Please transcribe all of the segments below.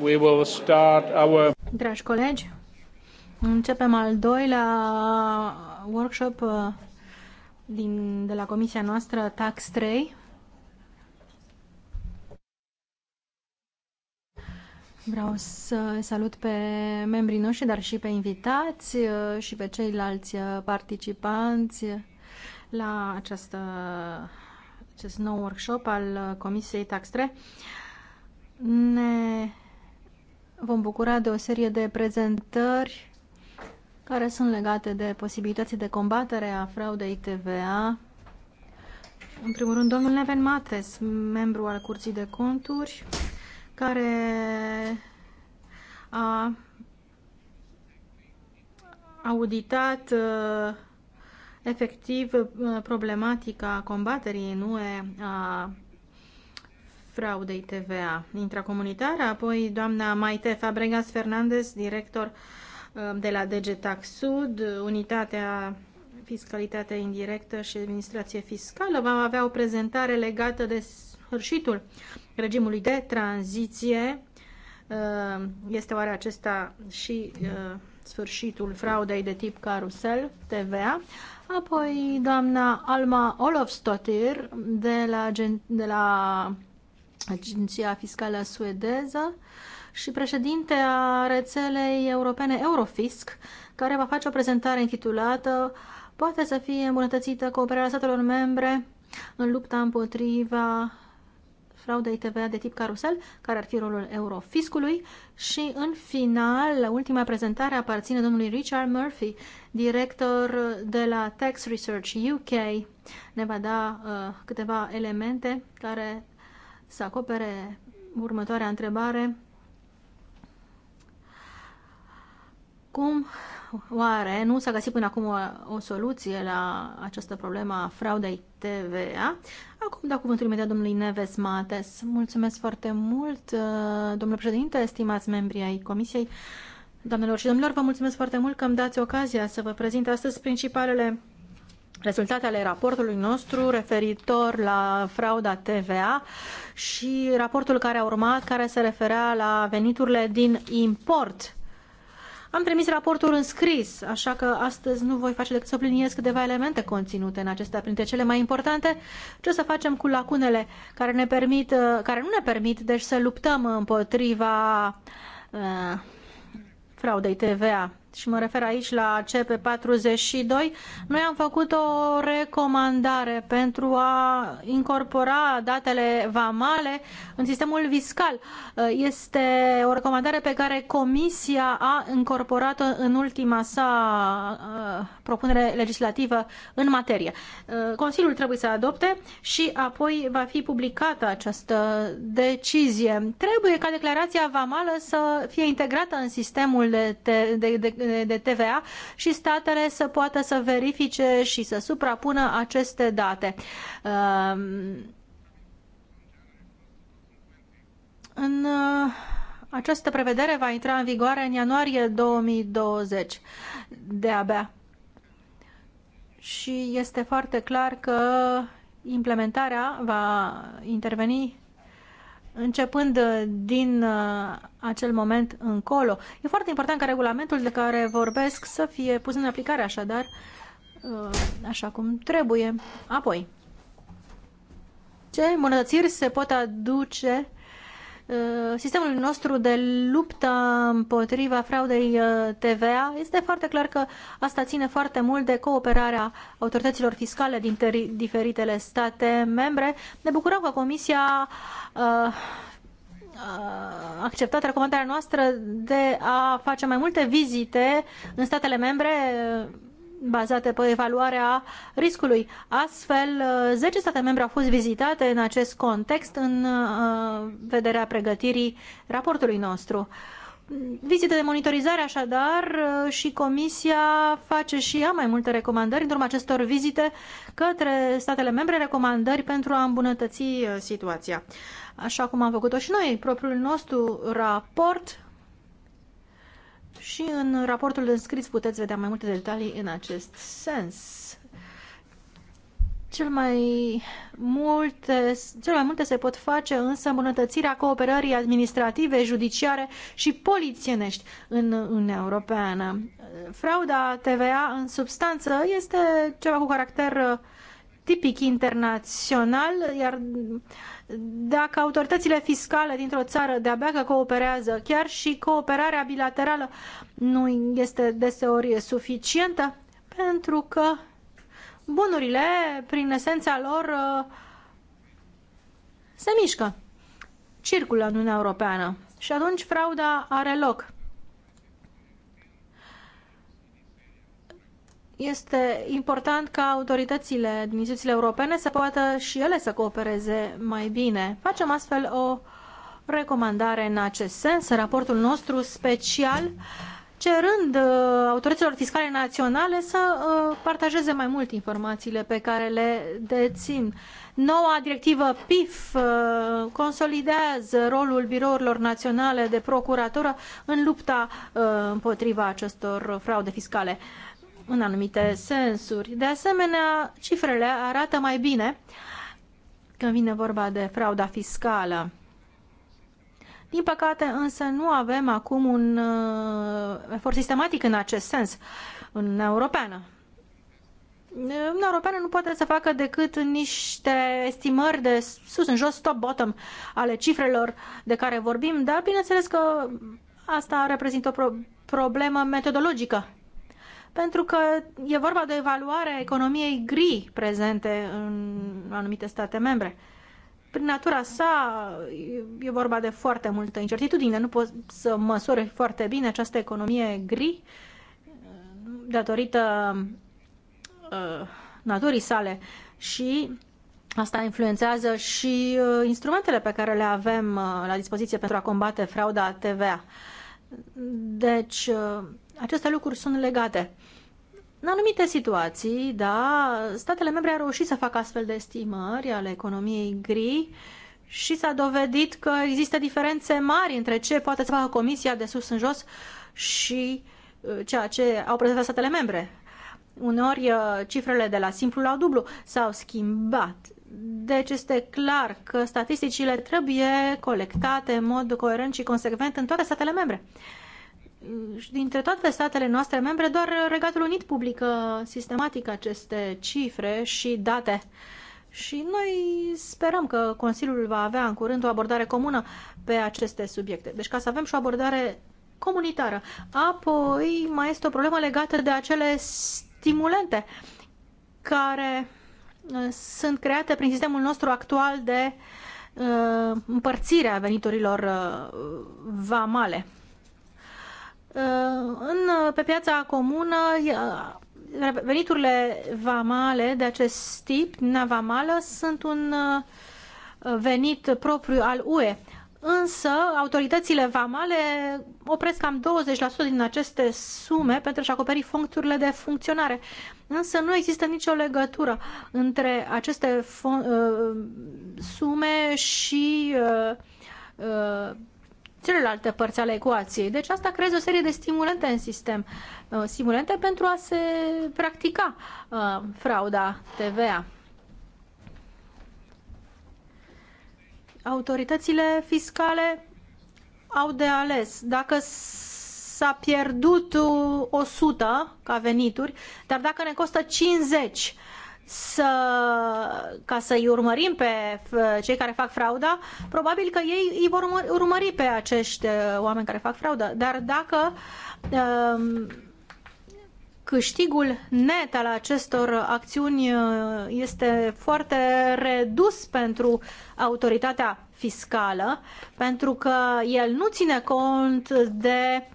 We will start our... Dragi colegi, începem al doilea workshop uh, din, de la comisia noastră Tax 3. Vreau să salut pe membrii noștri, dar și pe invitați uh, și pe ceilalți uh, participanți la această, acest nou workshop al Comisiei Tax 3. Ne vom bucura de o serie de prezentări care sunt legate de posibilității de combatere a fraudei TVA. În primul rând, domnul Neven Mates, membru al Curții de Conturi, care a auditat uh, efectiv uh, problematica combaterii nu a fraudei TVA intracomunitară, apoi doamna Maite Fabregas Fernandez, director um, de la DG Tax Sud, Unitatea Fiscalitate Indirectă și Administrație Fiscală. va avea o prezentare legată de sfârșitul regimului de tranziție. Um, este oare acesta și uh, sfârșitul fraudei de tip carusel TVA? Apoi doamna Alma Olofstotir de la, de la agenția fiscală suedeză și președinte a rețelei europene Eurofisc, care va face o prezentare intitulată Poate să fie îmbunătățită cooperarea statelor membre în lupta împotriva fraudei TVA de tip carusel, care ar fi rolul eurofiscului și în final, ultima prezentare aparține domnului Richard Murphy, director de la Tax Research UK. Ne va da uh, câteva elemente care să acopere următoarea întrebare. Cum oare nu s-a găsit până acum o, o soluție la această problemă a fraudei TVA? Acum dau cuvântul imediat domnului Neves Mates. Mulțumesc foarte mult, uh, domnule președinte, estimați membri ai Comisiei. Doamnelor și domnilor, vă mulțumesc foarte mult că îmi dați ocazia să vă prezint astăzi principalele rezultatele raportului nostru referitor la frauda TVA și raportul care a urmat, care se referea la veniturile din import. Am trimis raportul în scris, așa că astăzi nu voi face decât să pliniez câteva elemente conținute în acestea, printre cele mai importante, ce o să facem cu lacunele care, ne permit, care nu ne permit deci să luptăm împotriva uh, fraudei TVA și mă refer aici la CP42, noi am făcut o recomandare pentru a incorpora datele vamale în sistemul fiscal. Uh, este o recomandare pe care Comisia a incorporat-o în ultima sa uh, propunere legislativă în materie. Uh, Consiliul trebuie să adopte și apoi va fi publicată această decizie. Trebuie ca declarația vamală să fie integrată în sistemul de, de, de de TVA și statele să poată să verifice și să suprapună aceste date. Um, în uh, această prevedere va intra în vigoare în ianuarie 2020, de-abia. Și este foarte clar că implementarea va interveni începând uh, din uh, acel moment încolo. E foarte important ca regulamentul de care vorbesc să fie pus în aplicare așadar uh, așa cum trebuie. Apoi, ce îmbunătățiri se pot aduce sistemul nostru de luptă împotriva fraudei TVA, este foarte clar că asta ține foarte mult de cooperarea autorităților fiscale din diferitele state membre. Ne bucurăm că Comisia Uh, uh, acceptat recomandarea noastră de a face mai multe vizite în statele membre uh, bazate pe evaluarea riscului. Astfel, 10 state membre au fost vizitate în acest context în vederea pregătirii raportului nostru. Vizite de monitorizare așadar uh, și Comisia face și ea mai multe recomandări în urma acestor vizite către statele membre, recomandări pentru a îmbunătăți uh, situația. Așa cum am făcut-o și noi, propriul nostru raport și în raportul înscris puteți vedea mai multe detalii în acest sens. Cel mai, multe, cel mai multe se pot face însă îmbunătățirea cooperării administrative, judiciare și polițienești în Uniunea Europeană. Frauda TVA în substanță este ceva cu caracter uh, tipic internațional, iar dacă autoritățile fiscale dintr-o țară de-abia că cooperează, chiar și cooperarea bilaterală nu este deseori suficientă, pentru că bunurile, prin esența lor, uh, se mișcă, circulă în Uniunea Europeană și atunci frauda are loc. Este important ca autoritățile din instituțiile europene să poată și ele să coopereze mai bine. Facem astfel o recomandare în acest sens, raportul nostru special cerând uh, autorităților fiscale naționale să uh, partajeze mai mult informațiile pe care le dețin. Noua directivă PIF uh, consolidează rolul birourilor naționale de procuratură în lupta împotriva acestor fraude fiscale în anumite sensuri. De asemenea, cifrele arată mai bine când vine vorba de frauda fiscală. Din păcate, însă, nu avem acum un uh, efort sistematic în acest sens în Uniunea Europeană. Uniunea Europeană nu poate să facă decât niște estimări de sus în jos, top bottom, ale cifrelor de care vorbim, dar bineînțeles că asta reprezintă o pro problemă metodologică. Pentru că e vorba de a economiei gri prezente în anumite state membre prin natura sa, e vorba de foarte multă incertitudine. Nu poți să măsori foarte bine această economie gri datorită uh, naturii sale și asta influențează și uh, instrumentele pe care le avem uh, la dispoziție pentru a combate frauda TVA. Deci, uh, aceste lucruri sunt legate. În anumite situații, da, statele membre au reușit să facă astfel de estimări ale economiei gri și s-a dovedit că există diferențe mari între ce poate să facă Comisia de sus în jos și uh, ceea ce au prezentat statele membre. Uneori uh, cifrele de la simplu la dublu s-au schimbat. Deci este clar că statisticile trebuie colectate în mod coerent și consecvent în toate statele membre dintre toate statele noastre membre, doar Regatul Unit publică sistematic aceste cifre și date. Și noi sperăm că Consiliul va avea în curând o abordare comună pe aceste subiecte. Deci ca să avem și o abordare comunitară. Apoi mai este o problemă legată de acele stimulente care uh, sunt create prin sistemul nostru actual de uh, împărțire a veniturilor uh, vamale. Uh, în, pe piața comună, veniturile vamale de acest tip, navamală, sunt un uh, venit propriu al UE. Însă, autoritățile vamale opresc cam 20% din aceste sume pentru a-și acoperi funcțiile de funcționare. Însă nu există nicio legătură între aceste uh, sume și celelalte părți ale ecuației. Deci asta creează o serie de stimulente în sistem, uh, stimulente pentru a se practica uh, frauda TVA. Autoritățile fiscale au de ales. Dacă s-a pierdut 100 ca venituri, dar dacă ne costă 50 să, ca să-i urmărim pe cei care fac frauda, probabil că ei îi vor urmări pe acești uh, oameni care fac frauda. Dar dacă um, câștigul net al acestor acțiuni uh, este foarte redus pentru autoritatea fiscală, pentru că el nu ține cont de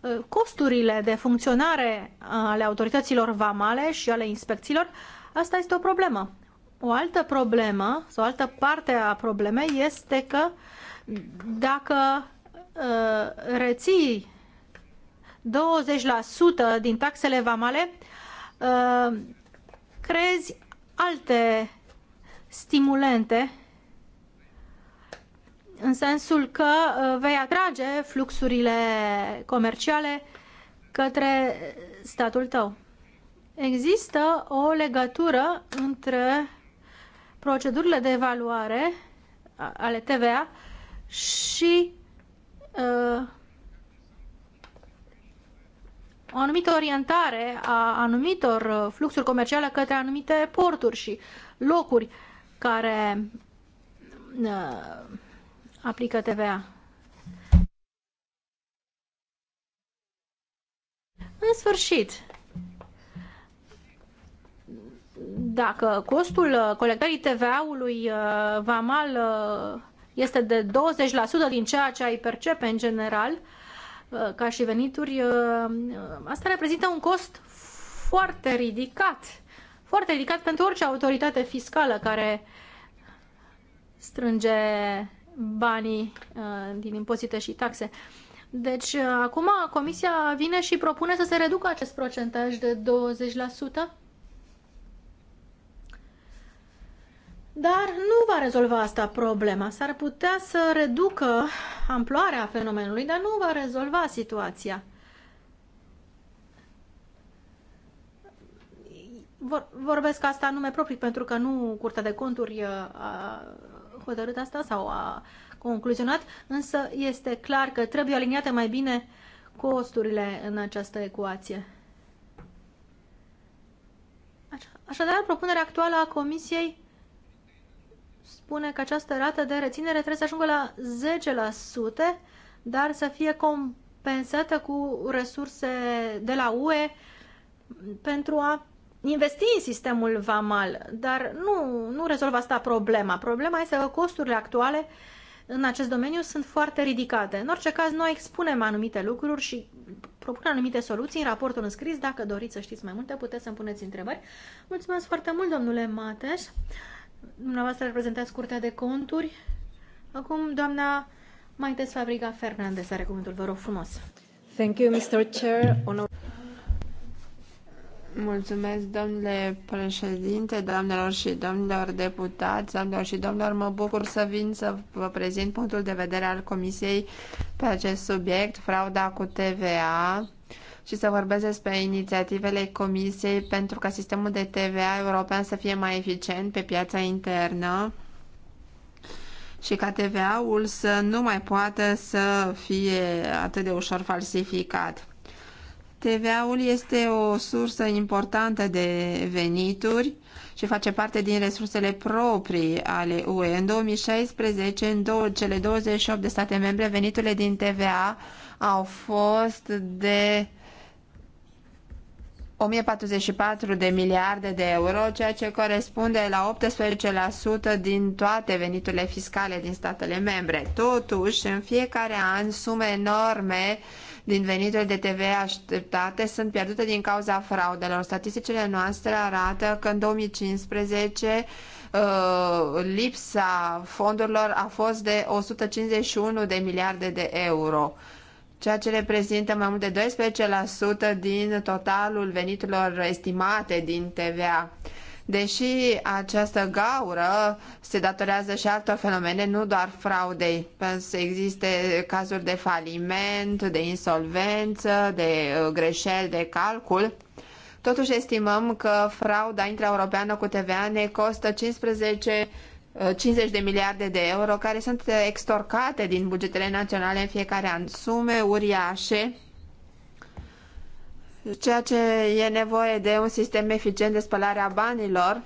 uh, costurile de funcționare ale autorităților vamale și ale inspecțiilor, Asta este o problemă. O altă problemă sau o altă parte a problemei este că dacă uh, reții 20% din taxele vamale, uh, crezi alte stimulente în sensul că uh, vei atrage fluxurile comerciale către statul tău. Există o legătură între procedurile de evaluare ale TVA și uh, o anumită orientare a anumitor uh, fluxuri comerciale către anumite porturi și locuri care uh, aplică TVA. În sfârșit, dacă costul uh, colectării TVA-ului uh, vamal uh, este de 20% din ceea ce ai percepe în general, ca și venituri, asta reprezintă un cost foarte ridicat. Foarte ridicat pentru orice autoritate fiscală care strânge banii din impozite și taxe. Deci, acum Comisia vine și propune să se reducă acest procentaj de 20%. Dar nu va rezolva asta problema. S-ar putea să reducă amploarea fenomenului, dar nu va rezolva situația. Vorbesc asta în nume propriu, pentru că nu Curtea de Conturi uh, a hotărât asta sau a concluzionat, însă este clar că trebuie aliniate mai bine costurile în această ecuație. Așadar, propunerea actuală a Comisiei spune că această rată de reținere trebuie să ajungă la 10%, dar să fie compensată cu resurse de la UE pentru a investi în sistemul VAMAL, dar nu, nu rezolvă asta problema. Problema este că costurile actuale în acest domeniu sunt foarte ridicate. În orice caz, noi expunem anumite lucruri și propun anumite soluții în raportul înscris. Dacă doriți să știți mai multe, puteți să-mi puneți întrebări. Mulțumesc foarte mult, domnule Mateș. Dumneavoastră reprezentați Curtea de Conturi. Acum, doamna Maites Fabrica Fernandez are cuvântul. Vă rog frumos. Thank you, Mr. Chair. Honor... Mulțumesc, domnule președinte, doamnelor și domnilor deputați, doamnelor și domnilor, mă bucur să vin să vă prezint punctul de vedere al Comisiei pe acest subiect, frauda cu TVA și să vorbesc despre inițiativele Comisiei pentru ca sistemul de TVA european să fie mai eficient pe piața internă și ca TVA-ul să nu mai poată să fie atât de ușor falsificat. TVA-ul este o sursă importantă de venituri și face parte din resursele proprii ale UE. În 2016, în două, cele 28 de state membre, veniturile din TVA au fost de 1044 de miliarde de euro, ceea ce corespunde la 18% din toate veniturile fiscale din statele membre. Totuși, în fiecare an, sume enorme din veniturile de TV așteptate sunt pierdute din cauza fraudelor. Statisticile noastre arată că în 2015 uh, lipsa fondurilor a fost de 151 de miliarde de euro ceea ce reprezintă mai mult de 12% din totalul veniturilor estimate din TVA. Deși această gaură se datorează și altor fenomene, nu doar fraudei. pentru că Există cazuri de faliment, de insolvență, de uh, greșeli de calcul. Totuși estimăm că frauda intraeuropeană cu TVA ne costă 15 50 de miliarde de euro care sunt extorcate din bugetele naționale în fiecare an. Sume uriașe, ceea ce e nevoie de un sistem eficient de spălare a banilor,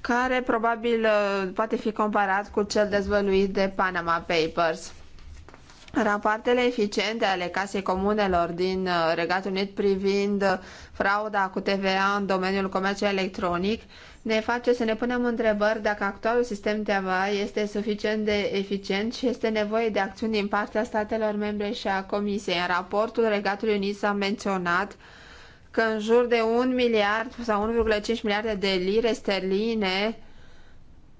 care probabil uh, poate fi comparat cu cel dezvăluit de Panama Papers. Rapoartele eficiente ale Casei Comunelor din uh, Regatul Unit privind uh, frauda cu TVA în domeniul comerțului electronic ne face să ne punem întrebări dacă actualul sistem TVA este suficient de eficient și este nevoie de acțiuni din partea statelor membre și a Comisiei. În raportul Regatului Unit s-a menționat că în jur de 1 miliard sau 1,5 miliarde de lire sterline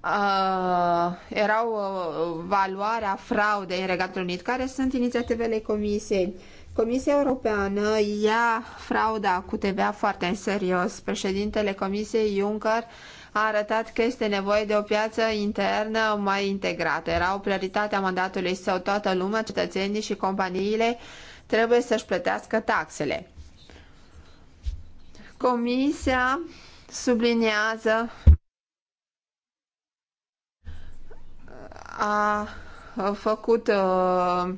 uh, erau uh, valoarea fraudei în Regatul Unit. Care sunt inițiativele Comisiei? Comisia Europeană ia frauda cu TVA foarte în serios. Președintele Comisiei Juncker a arătat că este nevoie de o piață internă mai integrată. Era o prioritate a mandatului său. Toată lumea, cetățenii și companiile trebuie să-și plătească taxele. Comisia subliniază a făcut uh,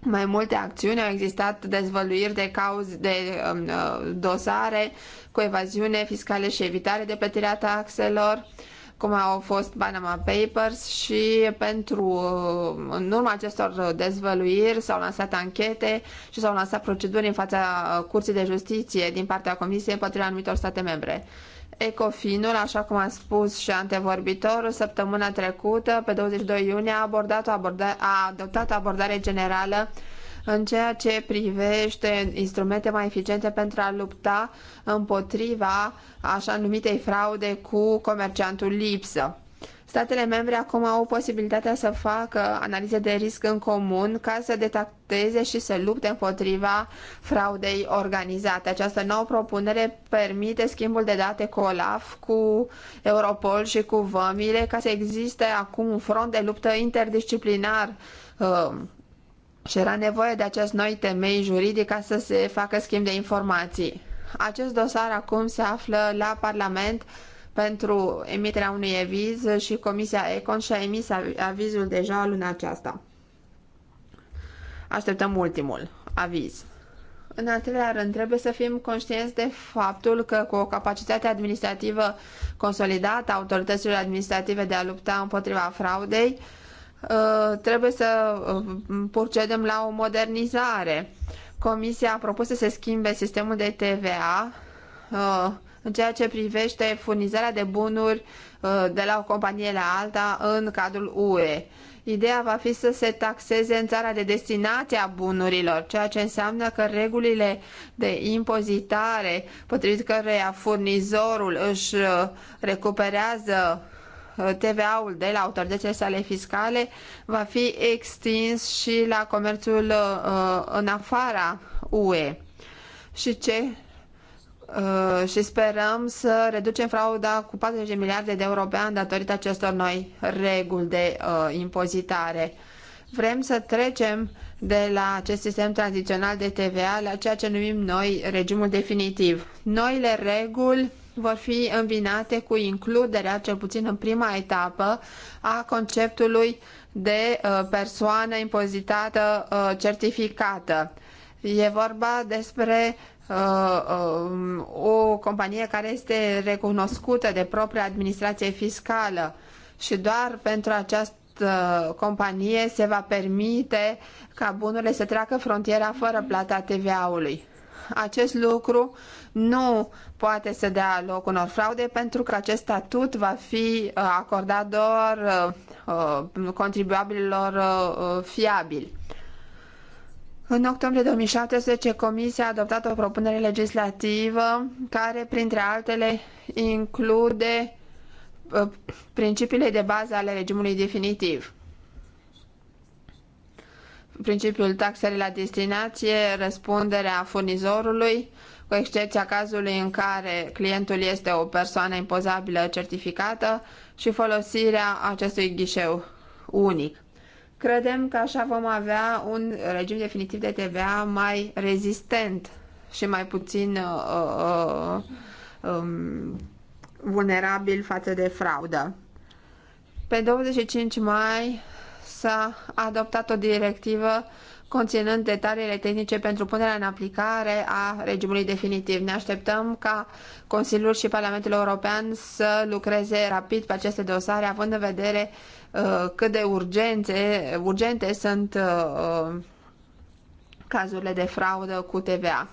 mai multe acțiuni, au existat dezvăluiri de cauze de um, uh, dosare cu evaziune fiscale și evitare de plătirea taxelor cum au fost Panama Papers și pentru uh, în urma acestor dezvăluiri s-au lansat anchete și s-au lansat proceduri în fața Curții de Justiție din partea Comisiei împotriva anumitor state membre. Ecofinul, așa cum a spus și antevorbitorul, săptămâna trecută, pe 22 iunie, a, abordat o a adoptat o abordare generală în ceea ce privește instrumente mai eficiente pentru a lupta împotriva așa numitei fraude cu comerciantul lipsă. Statele membre acum au posibilitatea să facă analize de risc în comun ca să detecteze și să lupte împotriva fraudei organizate. Această nouă propunere permite schimbul de date cu OLAF, cu Europol și cu vămile ca să existe acum un front de luptă interdisciplinar uh, și era nevoie de acest noi temei juridic ca să se facă schimb de informații. Acest dosar acum se află la Parlament pentru emiterea unui aviz și Comisia Econ și-a emis avizul deja luna aceasta. Așteptăm ultimul aviz. În al treilea rând, trebuie să fim conștienți de faptul că cu o capacitate administrativă consolidată a autorităților administrative de a lupta împotriva fraudei, uh, trebuie să uh, procedem la o modernizare. Comisia a propus să se schimbe sistemul de TVA uh, în ceea ce privește furnizarea de bunuri uh, de la o companie la alta în cadrul UE. Ideea va fi să se taxeze în țara de destinație a bunurilor, ceea ce înseamnă că regulile de impozitare, potrivit căreia furnizorul își uh, recuperează uh, TVA-ul de la autoritățile sale fiscale va fi extins și la comerțul în afara UE. Și ce Uh, și sperăm să reducem frauda cu 40 de miliarde de euro pe an datorită acestor noi reguli de uh, impozitare. Vrem să trecem de la acest sistem tradițional de TVA la ceea ce numim noi regimul definitiv. Noile reguli vor fi îmbinate cu includerea, cel puțin în prima etapă, a conceptului de uh, persoană impozitată certificată. E vorba despre Uh, uh, o companie care este recunoscută de propria administrație fiscală și doar pentru această companie se va permite ca bunurile să treacă frontiera fără plata TVA-ului. Acest lucru nu poate să dea loc unor fraude pentru că acest statut va fi uh, acordat doar contribuabililor fiabili. În octombrie 2017, Comisia a adoptat o propunere legislativă care, printre altele, include uh, principiile de bază ale regimului definitiv. Principiul taxării la destinație, răspunderea furnizorului, cu excepția cazului în care clientul este o persoană impozabilă certificată și folosirea acestui ghișeu unic. Credem că așa vom avea un regim definitiv de TVA mai rezistent și mai puțin uh, uh, uh, um, vulnerabil față de fraudă. Pe 25 mai s-a adoptat o directivă conținând detaliile tehnice pentru punerea în aplicare a regimului definitiv. Ne așteptăm ca Consiliul și Parlamentul European să lucreze rapid pe aceste dosare, având în vedere uh, Uh, cât de urgențe, urgente sunt uh, cazurile de fraudă cu TVA.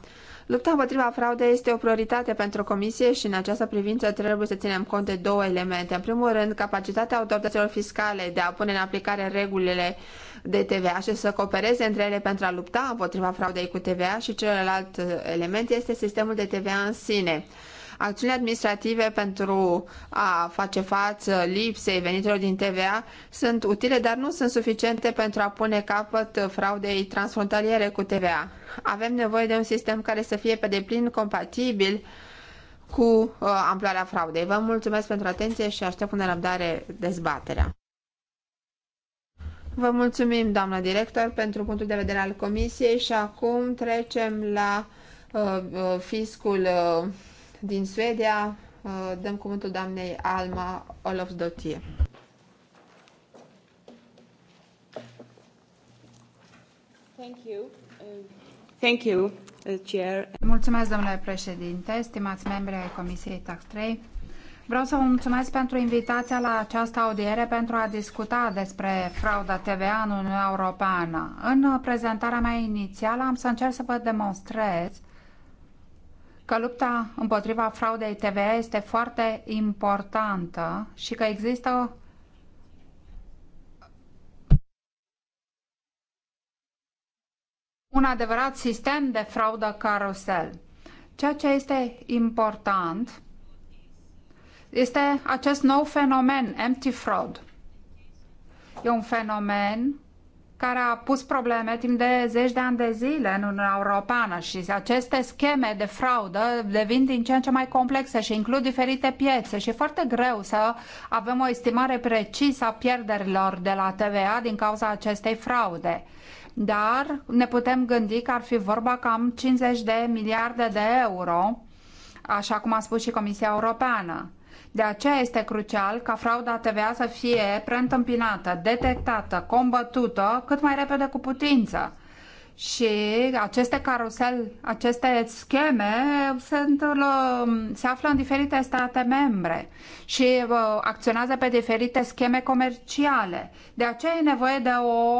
Lupta împotriva fraudei este o prioritate pentru Comisie și în această privință trebuie să ținem cont de două elemente. În primul rând, capacitatea autorităților fiscale de a pune în aplicare regulile de TVA și să coopereze între ele pentru a lupta împotriva fraudei cu TVA și celălalt element este sistemul de TVA în sine acțiuni administrative pentru a face față lipsei venitelor din TVA sunt utile, dar nu sunt suficiente pentru a pune capăt fraudei transfrontaliere cu TVA. Avem nevoie de un sistem care să fie pe deplin compatibil cu uh, amploarea fraudei. Vă mulțumesc pentru atenție și aștept cu nerăbdare dezbaterea. Vă mulțumim, doamna director, pentru punctul de vedere al comisiei și acum trecem la uh, uh fiscul uh, din Suedia. Uh, dăm cuvântul doamnei Alma Olofsdottir. Thank you. Uh, thank you, uh, Chair. Mulțumesc, domnule președinte, stimați membri ai Comisiei Tax 3. Vreau să vă mulțumesc pentru invitația la această audiere pentru a discuta despre frauda TVA în Uniunea Europeană. În prezentarea mea inițială am să încerc să vă demonstrez că lupta împotriva fraudei TVA este foarte importantă și că există un adevărat sistem de fraudă carusel. Ceea ce este important este acest nou fenomen, empty fraud. E un fenomen care a pus probleme timp de zeci de ani de zile în Uniunea Europeană și aceste scheme de fraudă devin din ce în ce mai complexe și includ diferite piețe și e foarte greu să avem o estimare precisă a pierderilor de la TVA din cauza acestei fraude. Dar ne putem gândi că ar fi vorba cam 50 de miliarde de euro, așa cum a spus și Comisia Europeană. De aceea este crucial ca frauda TVA să fie preîntâmpinată, detectată, combătută cât mai repede cu putință. Și aceste carusel, aceste scheme sunt, uh, se află în diferite state membre și uh, acționează pe diferite scheme comerciale. De aceea e nevoie de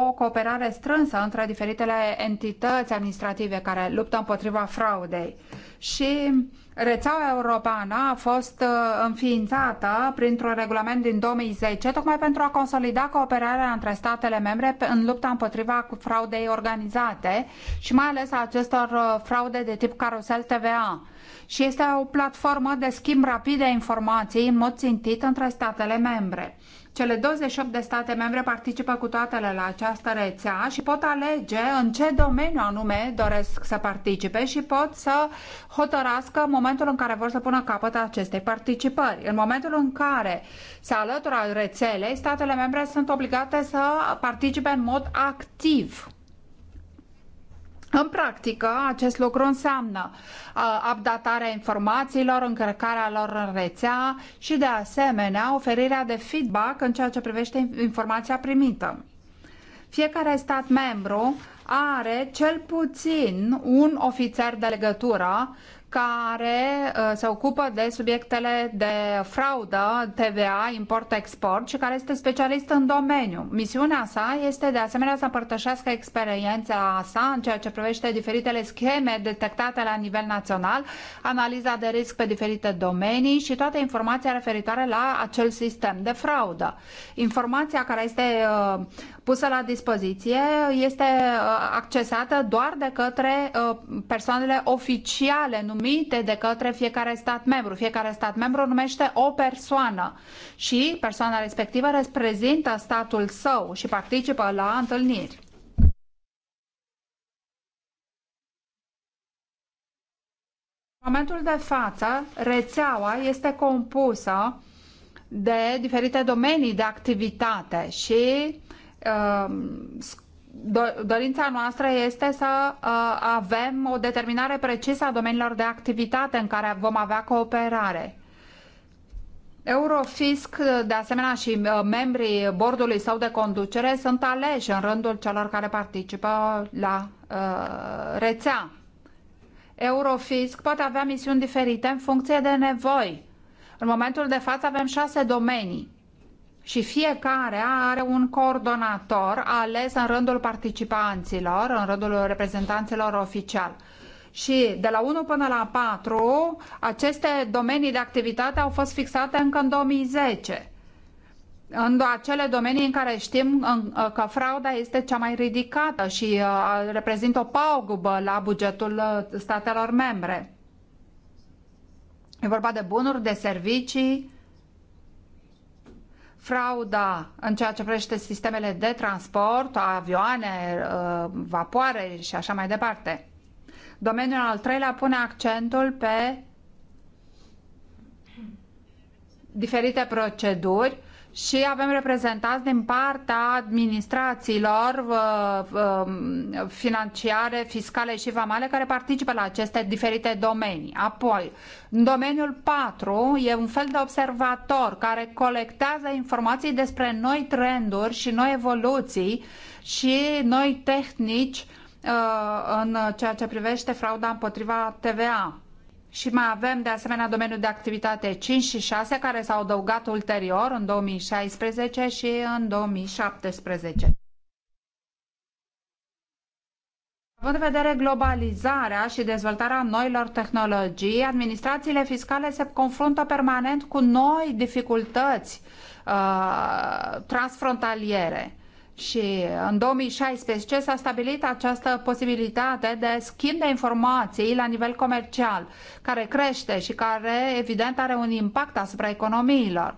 o cooperare strânsă între diferitele entități administrative care luptă împotriva fraudei și rețeaua europeană a fost uh, înființată printr-un regulament din 2010 tocmai pentru a consolida cooperarea între statele membre în lupta împotriva fraudei organizate și mai ales a acestor uh, fraude de tip carusel TVA. Și este o platformă de schimb rapid de informații în mod țintit între statele membre. Cele 28 de state membre participă cu toatele la această rețea și pot alege în ce domeniu anume doresc să participe și pot să hotărască momentul în care vor să pună capăt acestei participări. În momentul în care se alătură rețelei, statele membre sunt obligate să participe în mod activ în practică, acest lucru înseamnă updatarea informațiilor, încărcarea lor în rețea și, de asemenea, oferirea de feedback în ceea ce privește informația primită. Fiecare stat membru are cel puțin un ofițer de legătură care uh, se ocupă de subiectele de fraudă, TVA, import-export și care este specialist în domeniu. Misiunea sa este de asemenea să împărtășească experiența sa în ceea ce privește diferitele scheme detectate la nivel național, analiza de risc pe diferite domenii și toate informația referitoare la acel sistem de fraudă. Informația care este uh, pusă la dispoziție este uh, accesată doar de către uh, persoanele oficiale numite de către fiecare stat membru. Fiecare stat membru numește o persoană și persoana respectivă reprezintă statul său și participă la întâlniri. În momentul de față, rețeaua este compusă de diferite domenii de activitate și Um, dorința noastră este să uh, avem o determinare precisă a domeniilor de activitate în care vom avea cooperare. Eurofisc, de asemenea și uh, membrii bordului său de conducere sunt aleși în rândul celor care participă la uh, rețea. Eurofisc poate avea misiuni diferite în funcție de nevoi. În momentul de față avem șase domenii și fiecare are un coordonator ales în rândul participanților, în rândul reprezentanților oficiali. Și de la 1 până la 4, aceste domenii de activitate au fost fixate încă în 2010 în acele domenii în care știm uh, că frauda este cea mai ridicată și uh, reprezintă o pagubă la bugetul uh, statelor membre. E vorba de bunuri, de servicii, frauda în ceea ce privește sistemele de transport, avioane, uh, vapoare și așa mai departe. Domeniul al treilea pune accentul pe diferite proceduri și avem reprezentanți din partea administrațiilor financiare, fiscale și vamale care participă la aceste diferite domenii. Apoi, în domeniul 4 e un fel de observator care colectează informații despre noi trenduri și noi evoluții și noi tehnici uh, în ceea ce privește frauda împotriva TVA și mai avem de asemenea domeniul de activitate 5 și 6 care s-au adăugat ulterior în 2016 și în 2017. Având în vedere globalizarea și dezvoltarea noilor tehnologii, administrațiile fiscale se confruntă permanent cu noi dificultăți uh, transfrontaliere. Și în 2016 s-a stabilit această posibilitate de schimb de informații la nivel comercial, care crește și care, evident, are un impact asupra economiilor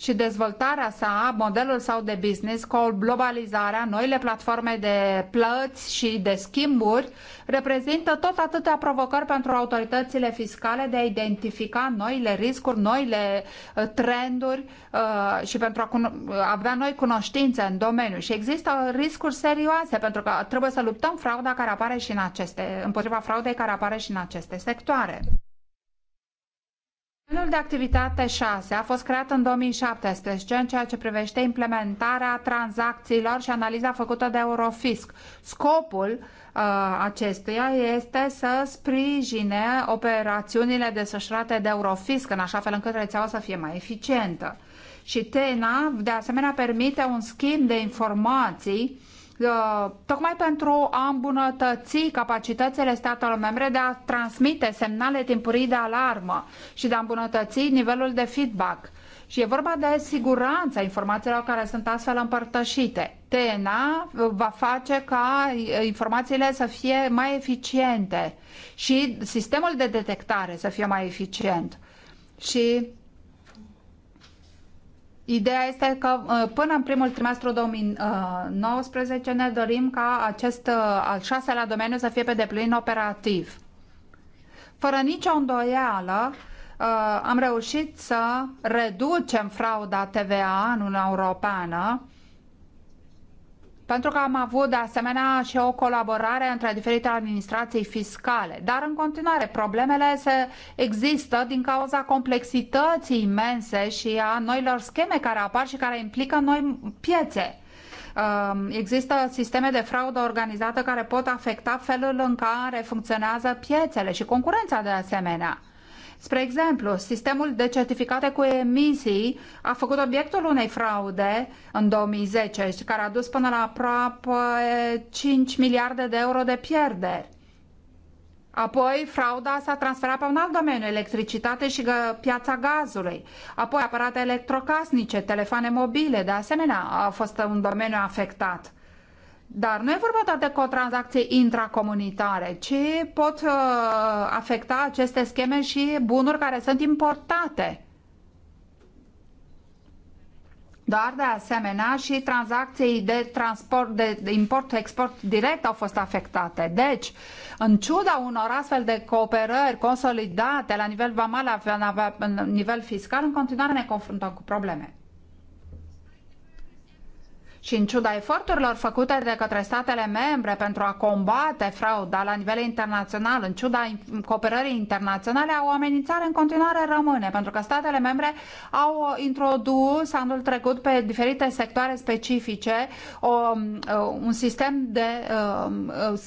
și dezvoltarea sa, modelul sau de business, cu globalizarea, noile platforme de plăți și de schimburi, reprezintă tot atâtea provocări pentru autoritățile fiscale de a identifica noile riscuri, noile uh, trenduri uh, și pentru a uh, avea noi cunoștințe în domeniu. Și există riscuri serioase, pentru că trebuie să luptăm frauda care apare și în aceste, împotriva fraudei care apare și în aceste sectoare. Planul de activitate 6 a fost creat în 2017 în ceea ce privește implementarea tranzacțiilor și analiza făcută de Eurofisc. Scopul uh, acestuia este să sprijine operațiunile desfășurate de Eurofisc în așa fel încât rețeaua să fie mai eficientă. Și TENA, de asemenea, permite un schimb de informații Ă, tocmai pentru a îmbunătăți capacitățile statelor membre de a transmite semnale timpurii de alarmă și de a îmbunătăți nivelul de feedback. Și e vorba de siguranța informațiilor care sunt astfel împărtășite. TNA va face ca informațiile să fie mai eficiente și sistemul de detectare să fie mai eficient. Și Ideea este că uh, până în primul trimestru 2019 uh, ne dorim ca acest uh, al șaselea domeniu să fie pe deplin operativ. Fără nicio îndoială, am reușit să reducem frauda TVA în Uniunea Europeană pentru că am avut de asemenea și o colaborare între diferite administrații fiscale. Dar în continuare, problemele se există din cauza complexității imense și a noilor scheme care apar și care implică noi piețe. Um, există sisteme de fraudă organizată care pot afecta felul în care funcționează piețele și concurența de asemenea. Spre exemplu, sistemul de certificate cu emisii a făcut obiectul unei fraude în 2010, care a dus până la aproape 5 miliarde de euro de pierderi. Apoi, frauda s-a transferat pe un alt domeniu, electricitate și piața gazului. Apoi, aparate electrocasnice, telefoane mobile, de asemenea, a fost un domeniu afectat. Dar nu e vorba doar de o tranzacție intracomunitare, ci pot uh, afecta aceste scheme și bunuri care sunt importate. Dar de asemenea și tranzacții de transport, de, de import-export direct au fost afectate. Deci, în ciuda unor astfel de cooperări consolidate la nivel vamal, la nivel fiscal, în continuare ne confruntăm cu probleme. Și în ciuda eforturilor făcute de către statele membre pentru a combate frauda la nivel internațional, în ciuda cooperării internaționale, o amenințare în continuare rămâne, pentru că statele membre au introdus anul trecut pe diferite sectoare specifice o, um, uh, un sistem de uh, uh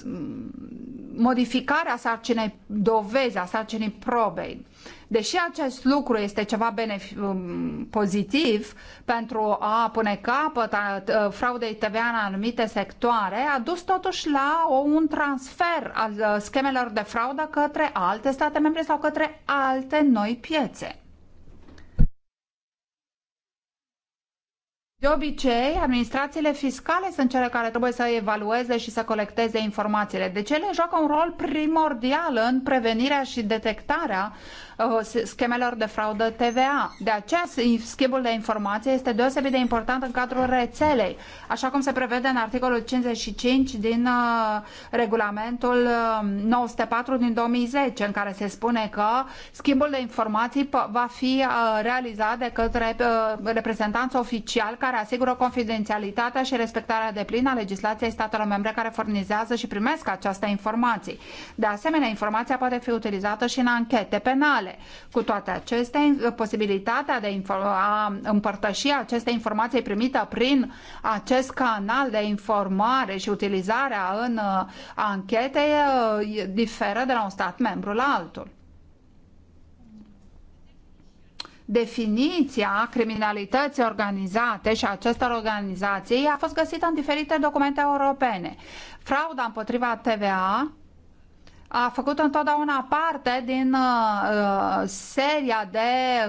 modificarea sarcinei dovezi, a sarcinii probei. Deși acest lucru este ceva um, pozitiv pentru a pune capăt a ă, fraudei TVA în anumite sectoare, a dus totuși la un transfer al ă, schemelor de fraudă către alte state membre sau către alte noi piețe. De obicei, administrațiile fiscale sunt cele care trebuie să evalueze și să colecteze informațiile. Deci ele joacă un rol primordial în prevenirea și detectarea uh, schemelor de fraudă TVA. De aceea, schimbul de informații este deosebit de important în cadrul rețelei, așa cum se prevede în articolul 55 din uh, regulamentul uh, um, 904 din 2010, în care se spune că schimbul de informații va fi uh, realizat de către uh, reprezentanți oficiali care care asigură confidențialitatea și respectarea deplină a legislației statelor membre care furnizează și primesc această informații. De asemenea, informația poate fi utilizată și în anchete penale. Cu toate acestea, posibilitatea de a împărtăși aceste informații primite prin acest canal de informare și utilizarea în uh, anchete uh, diferă de la un stat membru la altul definiția criminalității organizate și acestor organizații a fost găsită în diferite documente europene. Frauda împotriva TVA a făcut întotdeauna parte din uh, uh seria de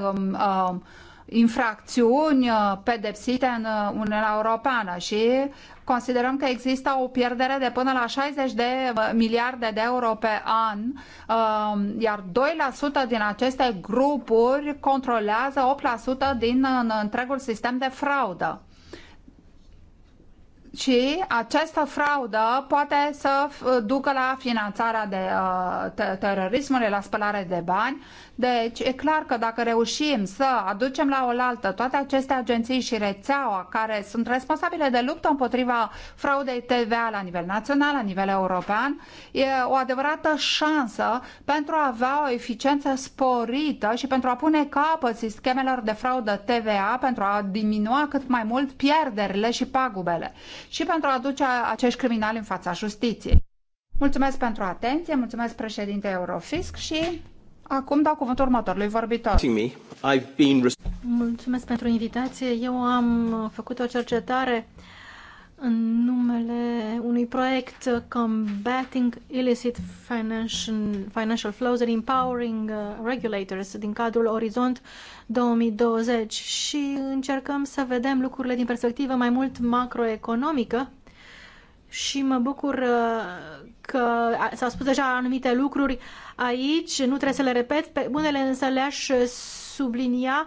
um, uh, uh, infracțiuni uh, pedepsite în uh, Uniunea Europeană și considerăm că există o pierdere de până la 60 de uh, miliarde de euro pe an, iar 2% din aceste grupuri controlează 8% din întregul sistem de fraudă și această fraudă poate să ducă la finanțarea de uh, terorismului, la spălare de bani deci, e clar că dacă reușim să aducem la oaltă toate aceste agenții și rețeaua care sunt responsabile de luptă împotriva fraudei TVA la nivel național, la nivel european, e o adevărată șansă pentru a avea o eficiență sporită și pentru a pune capăt schemelor de fraudă TVA, pentru a diminua cât mai mult pierderile și pagubele și pentru a aduce acești criminali în fața justiției. Mulțumesc pentru atenție, mulțumesc președinte Eurofisc și Acum dau cuvântul următorului vorbitor. Mulțumesc pentru invitație. Eu am făcut o cercetare în numele unui proiect Combating Illicit Financial, Financial Flows and Empowering uh, Regulators din cadrul Orizont 2020 și încercăm să vedem lucrurile din perspectivă mai mult macroeconomică și mă bucur uh, că s-au spus deja anumite lucruri aici, nu trebuie să le repet, pe unele însă le-aș sublinia.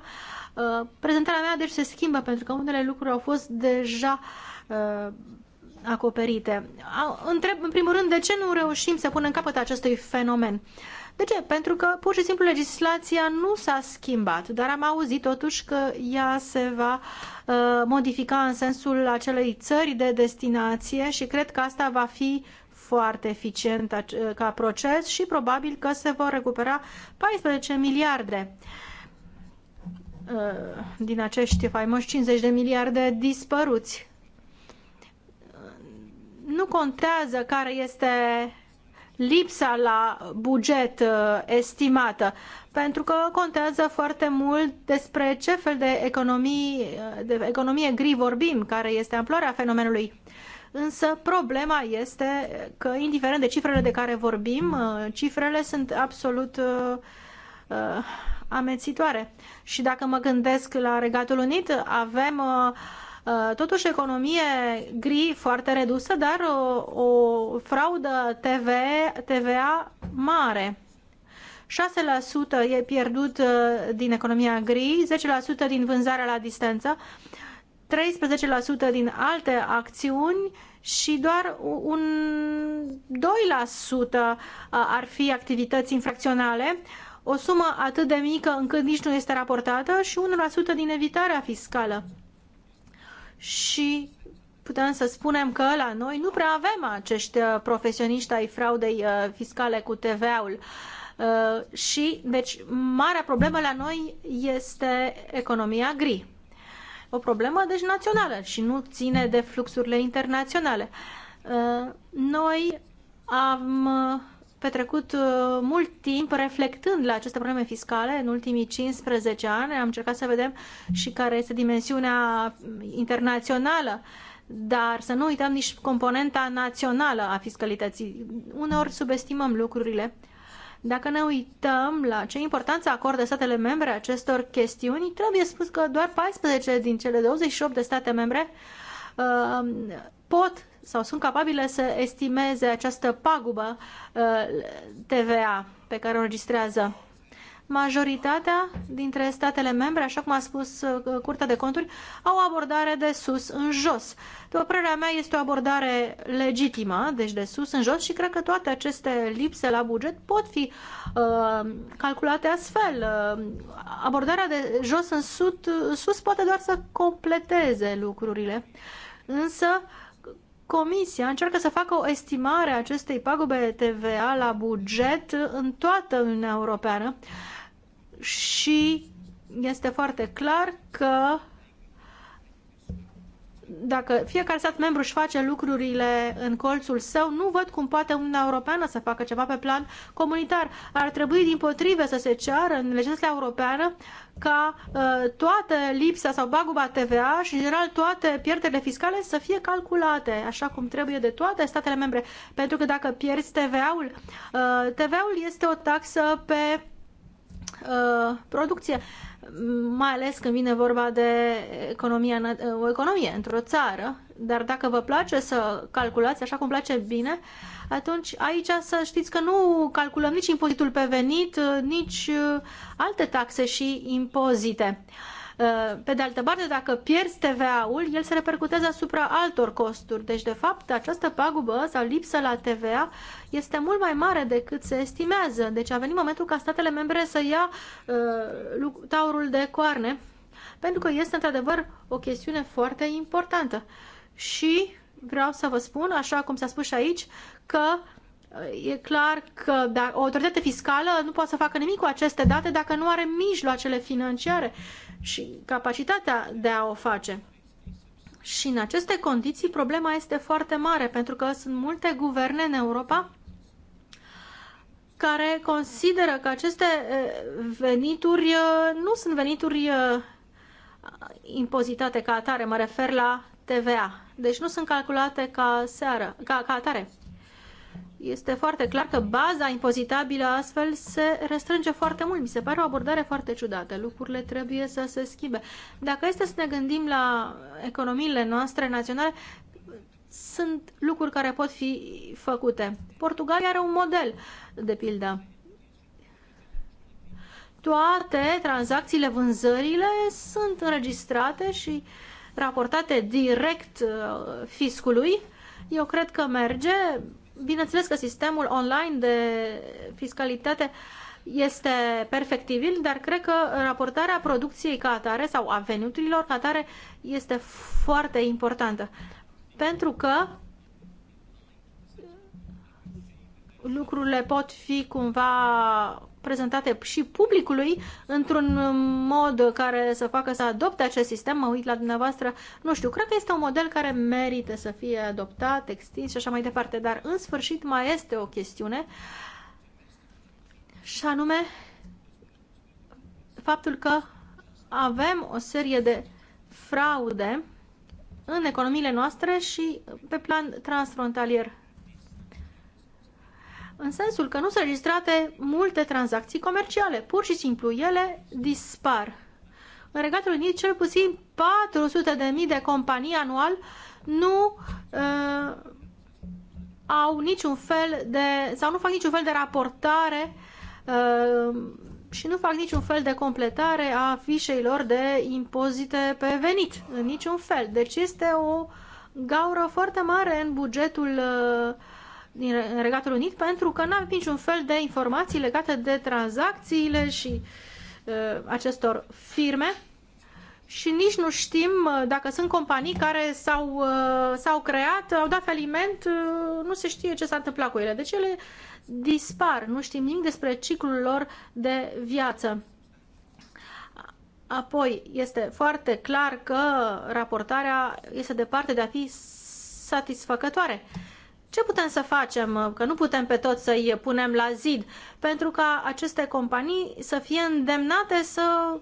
Uh, prezentarea mea deci se schimbă pentru că unele lucruri au fost deja uh, acoperite. Întreb, în primul rând, de ce nu reușim să punem capăt acestui fenomen? Uh, de ce? Pentru că pur și simplu legislația nu s-a schimbat, dar am auzit totuși că ea se va uh, modifica în sensul acelei țări de destinație și cred că asta va fi foarte eficient uh, ca proces și probabil că se vor recupera 14 miliarde uh, din acești faimoși 50 de miliarde dispăruți. Nu contează care este lipsa la buget uh, estimată, pentru că contează foarte mult despre ce fel de, economie uh, de economie gri vorbim, care este amploarea fenomenului. Însă problema este că, indiferent de cifrele de care vorbim, uh, cifrele sunt absolut uh, amețitoare. Și dacă mă gândesc la Regatul Unit, avem uh, Uh, totuși, economie gri foarte redusă, dar o, o fraudă TV, TVA mare. 6% e pierdut uh, din economia gri, 10% din vânzarea la distanță, 13% din alte acțiuni și doar un 2% uh, ar fi activități infracționale, o sumă atât de mică încât nici nu este raportată și 1% din evitarea fiscală și putem să spunem că la noi nu prea avem acești uh, profesioniști ai fraudei uh, fiscale cu TVA-ul. Uh, și, deci, marea problemă la noi este economia gri. O problemă, deci, națională și nu ține de fluxurile internaționale. Noi am petrecut uh, mult timp reflectând la aceste probleme fiscale în ultimii 15 ani. Am încercat să vedem și care este dimensiunea internațională, dar să nu uităm nici componenta națională a fiscalității. Uneori subestimăm lucrurile. Dacă ne uităm la ce importanță acordă statele membre acestor chestiuni, trebuie spus că doar 14 din cele 28 de state membre uh, pot sau sunt capabile să estimeze această pagubă uh, TVA pe care o înregistrează. Majoritatea dintre statele membre, așa cum a spus uh, Curtea de Conturi, au o abordare de sus în jos. După părerea mea, este o abordare legitimă, deci de sus în jos și cred că toate aceste lipse la buget pot fi uh, calculate astfel. Uh, abordarea de jos în sud, sus poate doar să completeze lucrurile. Însă, uh, Comisia încearcă să facă o estimare a acestei pagube TVA la buget în toată Uniunea Europeană și este foarte clar că dacă fiecare stat membru își face lucrurile în colțul său, nu văd cum poate Uniunea Europeană să facă ceva pe plan comunitar. Ar trebui, din potrive, să se ceară în legislația europeană ca uh, toată lipsa sau baguba TVA și, în general, toate pierderile fiscale să fie calculate așa cum trebuie de toate statele membre. Pentru că dacă pierzi TVA-ul, uh, TVA-ul este o taxă pe uh, producție. Uh, mai ales când vine vorba de economia, o economie într-o țară, dar dacă vă place să calculați așa cum place bine, atunci aici să știți că nu calculăm nici impozitul pe venit, nici uh, alte taxe și impozite. Uh, Uh, pe de altă parte, dacă pierzi TVA-ul, el se repercutează asupra altor costuri. Deci, de fapt, această pagubă sau lipsă la TVA este mult mai mare decât se estimează. Deci a venit momentul ca statele membre să ia uh, taurul de coarne, pentru că este într-adevăr o chestiune foarte importantă. Și vreau să vă spun, așa cum s-a spus și aici, că E clar că da, o autoritate fiscală nu poate să facă nimic cu aceste date dacă nu are mijloacele financiare și capacitatea de a o face. Și în aceste condiții problema este foarte mare, pentru că sunt multe guverne în Europa care consideră că aceste venituri nu sunt venituri impozitate ca atare, mă refer la TVA. Deci nu sunt calculate ca, seară, ca, ca atare este foarte clar că baza impozitabilă astfel se restrânge foarte mult. Mi se pare o abordare foarte ciudată. Lucrurile trebuie să se schimbe. Dacă este să ne gândim la economiile noastre naționale, sunt lucruri care pot fi făcute. Portugalia are un model, de pildă. Toate tranzacțiile, vânzările sunt înregistrate și raportate direct uh, fiscului. Eu cred că merge Bineînțeles că sistemul online de fiscalitate este perfectibil, dar cred că raportarea producției ca atare sau a veniturilor ca atare este foarte importantă. Pentru că lucrurile pot fi cumva prezentate și publicului într-un mod care să facă să adopte acest sistem. Mă uit la dumneavoastră, nu știu, cred că este un model care merită să fie adoptat, extins și așa mai departe, dar în sfârșit mai este o chestiune și anume faptul că avem o serie de fraude în economiile noastre și pe plan transfrontalier în sensul că nu sunt registrate multe tranzacții comerciale. Pur și simplu, ele dispar. În Regatul Unit, cel puțin 400.000 de, de companii anual nu uh, au niciun fel de, sau nu fac niciun fel de raportare uh, și nu fac niciun fel de completare a fișeilor de impozite pe venit, în niciun fel. Deci este o gaură foarte mare în bugetul uh, din Regatul Unit pentru că n-am niciun fel de informații legate de tranzacțiile și uh, acestor firme și nici nu știm uh, dacă sunt companii care s-au, uh, creat, au dat faliment, uh, nu se știe ce s-a întâmplat cu ele. Deci ele dispar, nu știm nimic despre ciclul lor de viață. Apoi, este foarte clar că raportarea este departe de a fi satisfăcătoare. Ce putem să facem? Că nu putem pe toți să-i punem la zid, pentru ca aceste companii să fie îndemnate să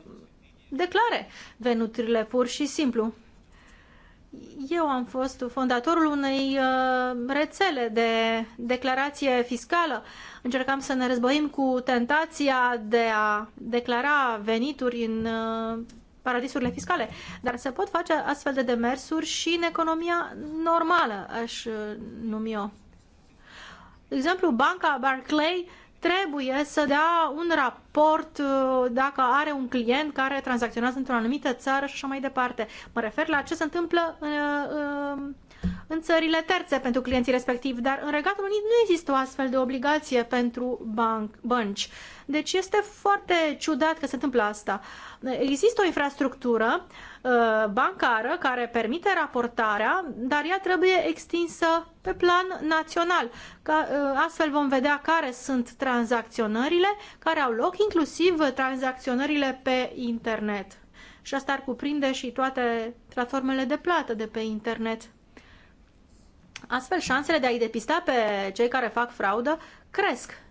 declare veniturile pur și simplu. Eu am fost fondatorul unei uh, rețele de declarație fiscală. Încercam să ne războim cu tentația de a declara venituri în uh, paradisurile fiscale, dar se pot face astfel de demersuri și în economia normală, aș uh, numi eu. De exemplu, banca Barclay trebuie să dea un raport uh, dacă are un client care tranzacționează într-o anumită țară și așa mai departe. Mă refer la ce se întâmplă în, în uh, în țările terțe pentru clienții respectivi, dar în Regatul Unit nu există o astfel de obligație pentru banc, bănci. Deci este foarte ciudat că se întâmplă asta. Există o infrastructură uh, bancară care permite raportarea, dar ea trebuie extinsă pe plan național. Uh, astfel vom vedea care sunt tranzacționările care au loc, inclusiv tranzacționările pe internet. Și asta ar cuprinde și toate platformele de plată de pe internet. Astfel, șansele de a-i depista pe cei care fac fraudă cresc.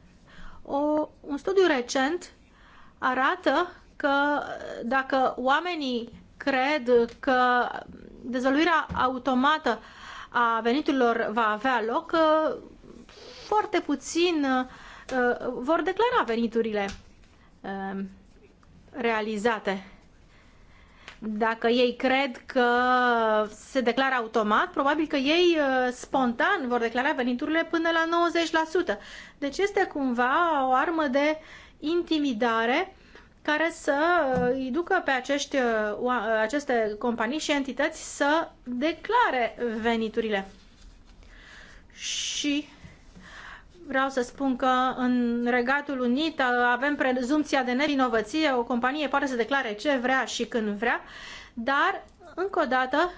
O, un studiu recent arată că dacă oamenii cred că dezvăluirea automată a veniturilor va avea loc, foarte puțin uh, vor declara veniturile um, realizate. Dacă ei cred că se declară automat, probabil că ei uh, spontan vor declara veniturile până la 90%. Deci este cumva o armă de intimidare care să uh, îi ducă pe acești, uh, aceste companii și entități să declare veniturile. Și vreau să spun că în Regatul Unit avem prezumția de nevinovăție, o companie poate să declare ce vrea și când vrea, dar, încă o dată,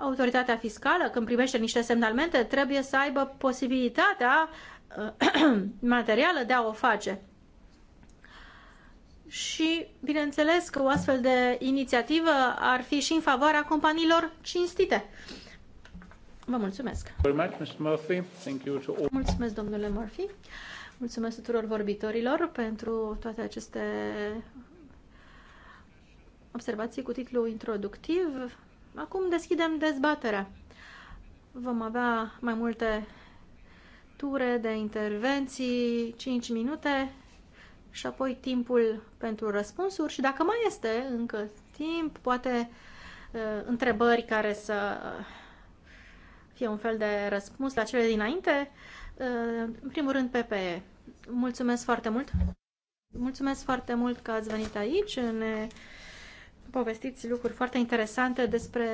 autoritatea fiscală, când primește niște semnalmente, trebuie să aibă posibilitatea uh, materială de a o face. Și, bineînțeles, că o astfel de inițiativă ar fi și în favoarea companiilor cinstite Vă mulțumesc! Mulțumesc, domnule Murphy! Mulțumesc tuturor vorbitorilor pentru toate aceste observații cu titlu introductiv. Acum deschidem dezbaterea. Vom avea mai multe ture de intervenții, 5 minute și apoi timpul pentru răspunsuri și dacă mai este încă timp, poate uh, întrebări care să fie un fel de răspuns la cele dinainte. În primul rând, PPE. Mulțumesc foarte mult! Mulțumesc foarte mult că ați venit aici, ne povestiți lucruri foarte interesante despre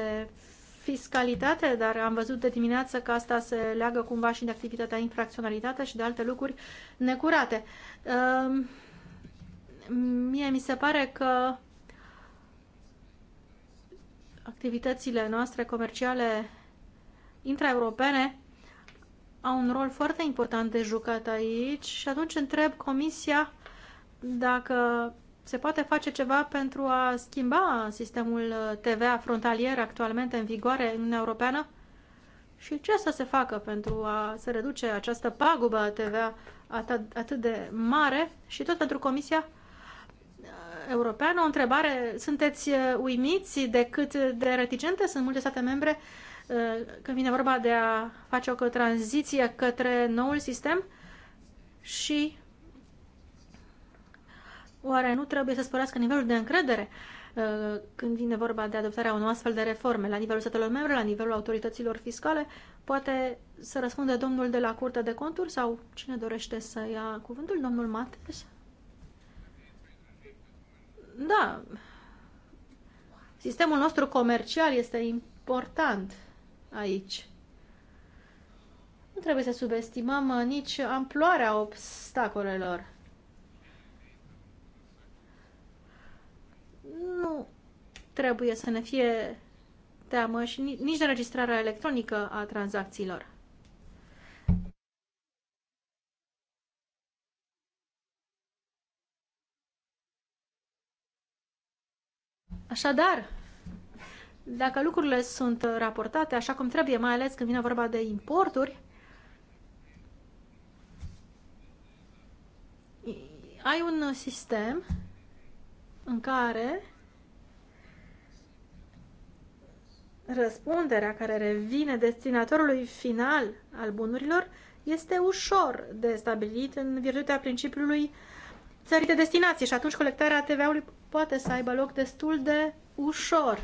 fiscalitate, dar am văzut de dimineață că asta se leagă cumva și de activitatea infracționalitate și de alte lucruri necurate. Ehm, mie mi se pare că activitățile noastre comerciale intraeuropene au un rol foarte important de jucat aici și atunci întreb Comisia dacă se poate face ceva pentru a schimba sistemul TVA frontalier actualmente în vigoare în Uniunea Europeană și ce să se facă pentru a se reduce această pagubă a TVA atât, atât de mare și tot pentru Comisia Europeană. O întrebare, sunteți uimiți de cât de reticente sunt multe state membre Uh, când vine vorba de a face o tranziție către noul sistem și oare nu trebuie să sporească nivelul de încredere uh, când vine vorba de adoptarea unor astfel de reforme la nivelul statelor membre, la nivelul autorităților fiscale, poate să răspundă domnul de la Curtea de Conturi sau cine dorește să ia cuvântul, domnul Mates? Da, sistemul nostru comercial este important aici. Nu trebuie să subestimăm uh, nici amploarea obstacolelor. Nu trebuie să ne fie teamă și nici de registrarea electronică a tranzacțiilor. Așadar, dacă lucrurile sunt raportate așa cum trebuie, mai ales când vine vorba de importuri, ai un sistem în care răspunderea care revine destinatorului final al bunurilor este ușor de stabilit în virtutea principiului țării de destinație și atunci colectarea TVA-ului poate să aibă loc destul de ușor.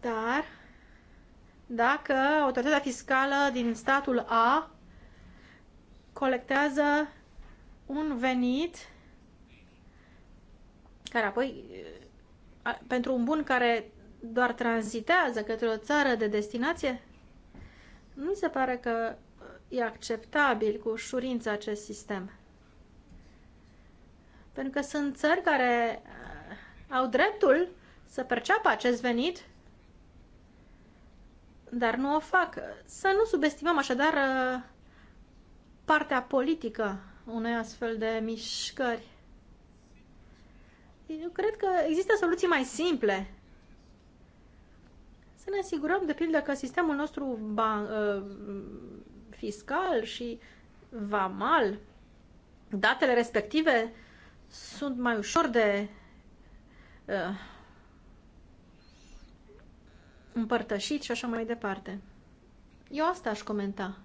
Dar dacă autoritatea fiscală din statul A colectează un venit care apoi pentru un bun care doar tranzitează către o țară de destinație, nu mi se pare că e acceptabil cu ușurință acest sistem. Pentru că sunt țări care uh, au dreptul să perceapă acest venit dar nu o fac. Să nu subestimăm așadar uh, partea politică unei astfel de mișcări. Eu cred că există soluții mai simple. Să ne asigurăm, de pildă, că sistemul nostru uh, fiscal și vamal, datele respective sunt mai ușor de uh, împărtășit și așa mai departe. Eu asta aș comenta.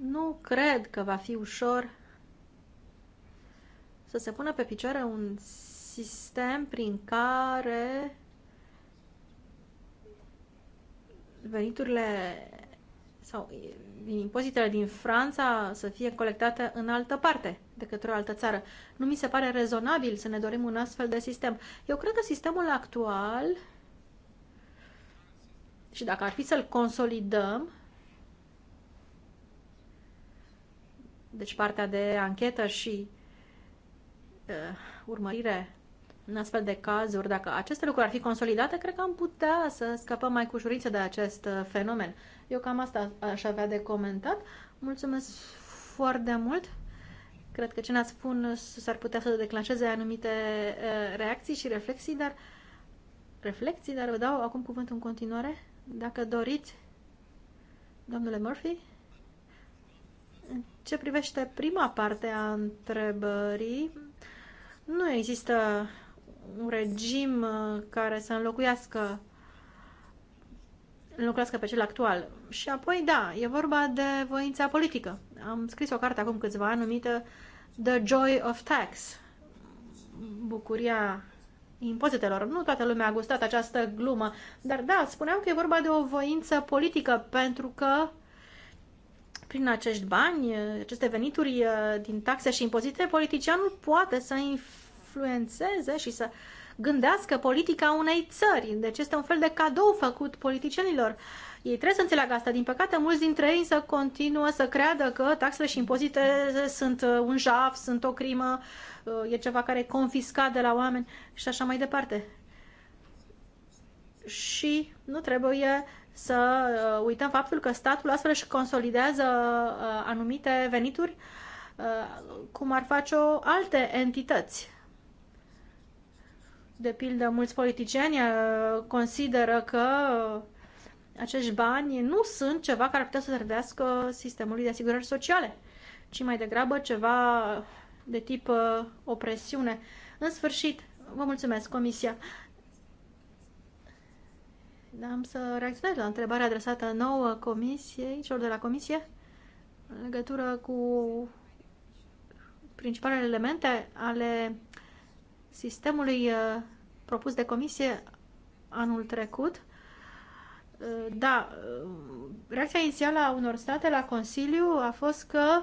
Nu cred că va fi ușor să se pună pe picioare un sistem prin care veniturile sau eh, impozitele din Franța să fie colectate în altă parte de către o altă țară. Nu mi se pare rezonabil să ne dorim un astfel de sistem. Eu cred că sistemul actual, și dacă ar fi să-l consolidăm, deci partea de anchetă și uh, urmărire în astfel de cazuri, dacă aceste lucruri ar fi consolidate, cred că am putea să scăpăm mai cu ușurință de acest uh, fenomen. Eu cam asta aș avea de comentat. Mulțumesc foarte mult! Cred că ce ne spun s-ar putea să declanșeze anumite reacții și reflexii, dar reflexii, dar vă dau acum cuvântul în continuare. Dacă doriți, domnule Murphy, în ce privește prima parte a întrebării, nu există un regim care să înlocuiască înlocuiască pe cel actual. Și apoi, da, e vorba de voința politică. Am scris o carte acum câțiva ani numită uh, The Joy of Tax, bucuria impozitelor. Nu toată lumea a gustat această glumă, dar da, spuneam că e vorba de o voință politică, pentru că prin acești bani, aceste venituri uh, din taxe și impozite, politicianul poate să influențeze și să gândească politica unei țări. Deci este un fel de cadou făcut politicienilor. Uh, ei trebuie să înțeleagă asta. Din păcate, mulți dintre ei să continuă să creadă că taxele și impozite sunt uh, un jaf, sunt o crimă, uh, e ceva care e confiscat de la oameni și așa mai departe. Și nu trebuie să uh, uităm faptul că statul astfel își consolidează anumite venituri cum ar face-o alte entități. De pildă, mulți politicieni consideră că uh, acești bani nu sunt ceva care ar putea să servească sistemului de asigurări sociale, ci mai degrabă ceva de tip uh, opresiune. În sfârșit, vă mulțumesc, Comisia. Am să reacționez la întrebarea adresată nouă Comisiei, celor de la Comisie, în legătură cu principalele elemente ale sistemului uh, propus de Comisie anul trecut da, reacția inițială a unor state la Consiliu a fost că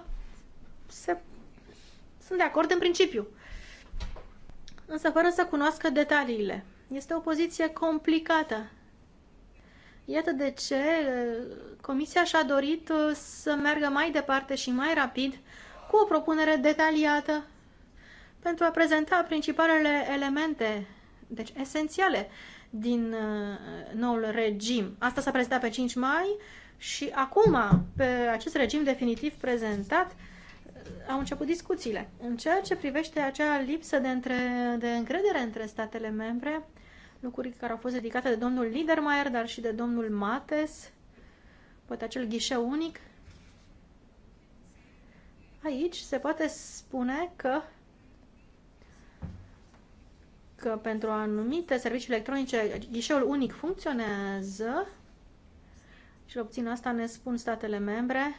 se, sunt de acord în principiu, însă fără să cunoască detaliile. Este o poziție complicată. Iată de ce uh, Comisia și-a dorit uh, să meargă mai departe și mai rapid cu o propunere detaliată pentru a prezenta principalele elemente, deci esențiale, din uh, noul regim. Asta s-a prezentat pe 5 mai și acum, pe acest regim definitiv prezentat, uh, au început discuțiile. În ceea ce privește acea lipsă de, între, de încredere între statele membre, lucruri care au fost dedicate de domnul Liedermayer, dar și de domnul Mates, poate acel ghișeu unic, aici se poate spune că că pentru anumite servicii electronice ghișeul unic funcționează și obțin asta ne spun statele membre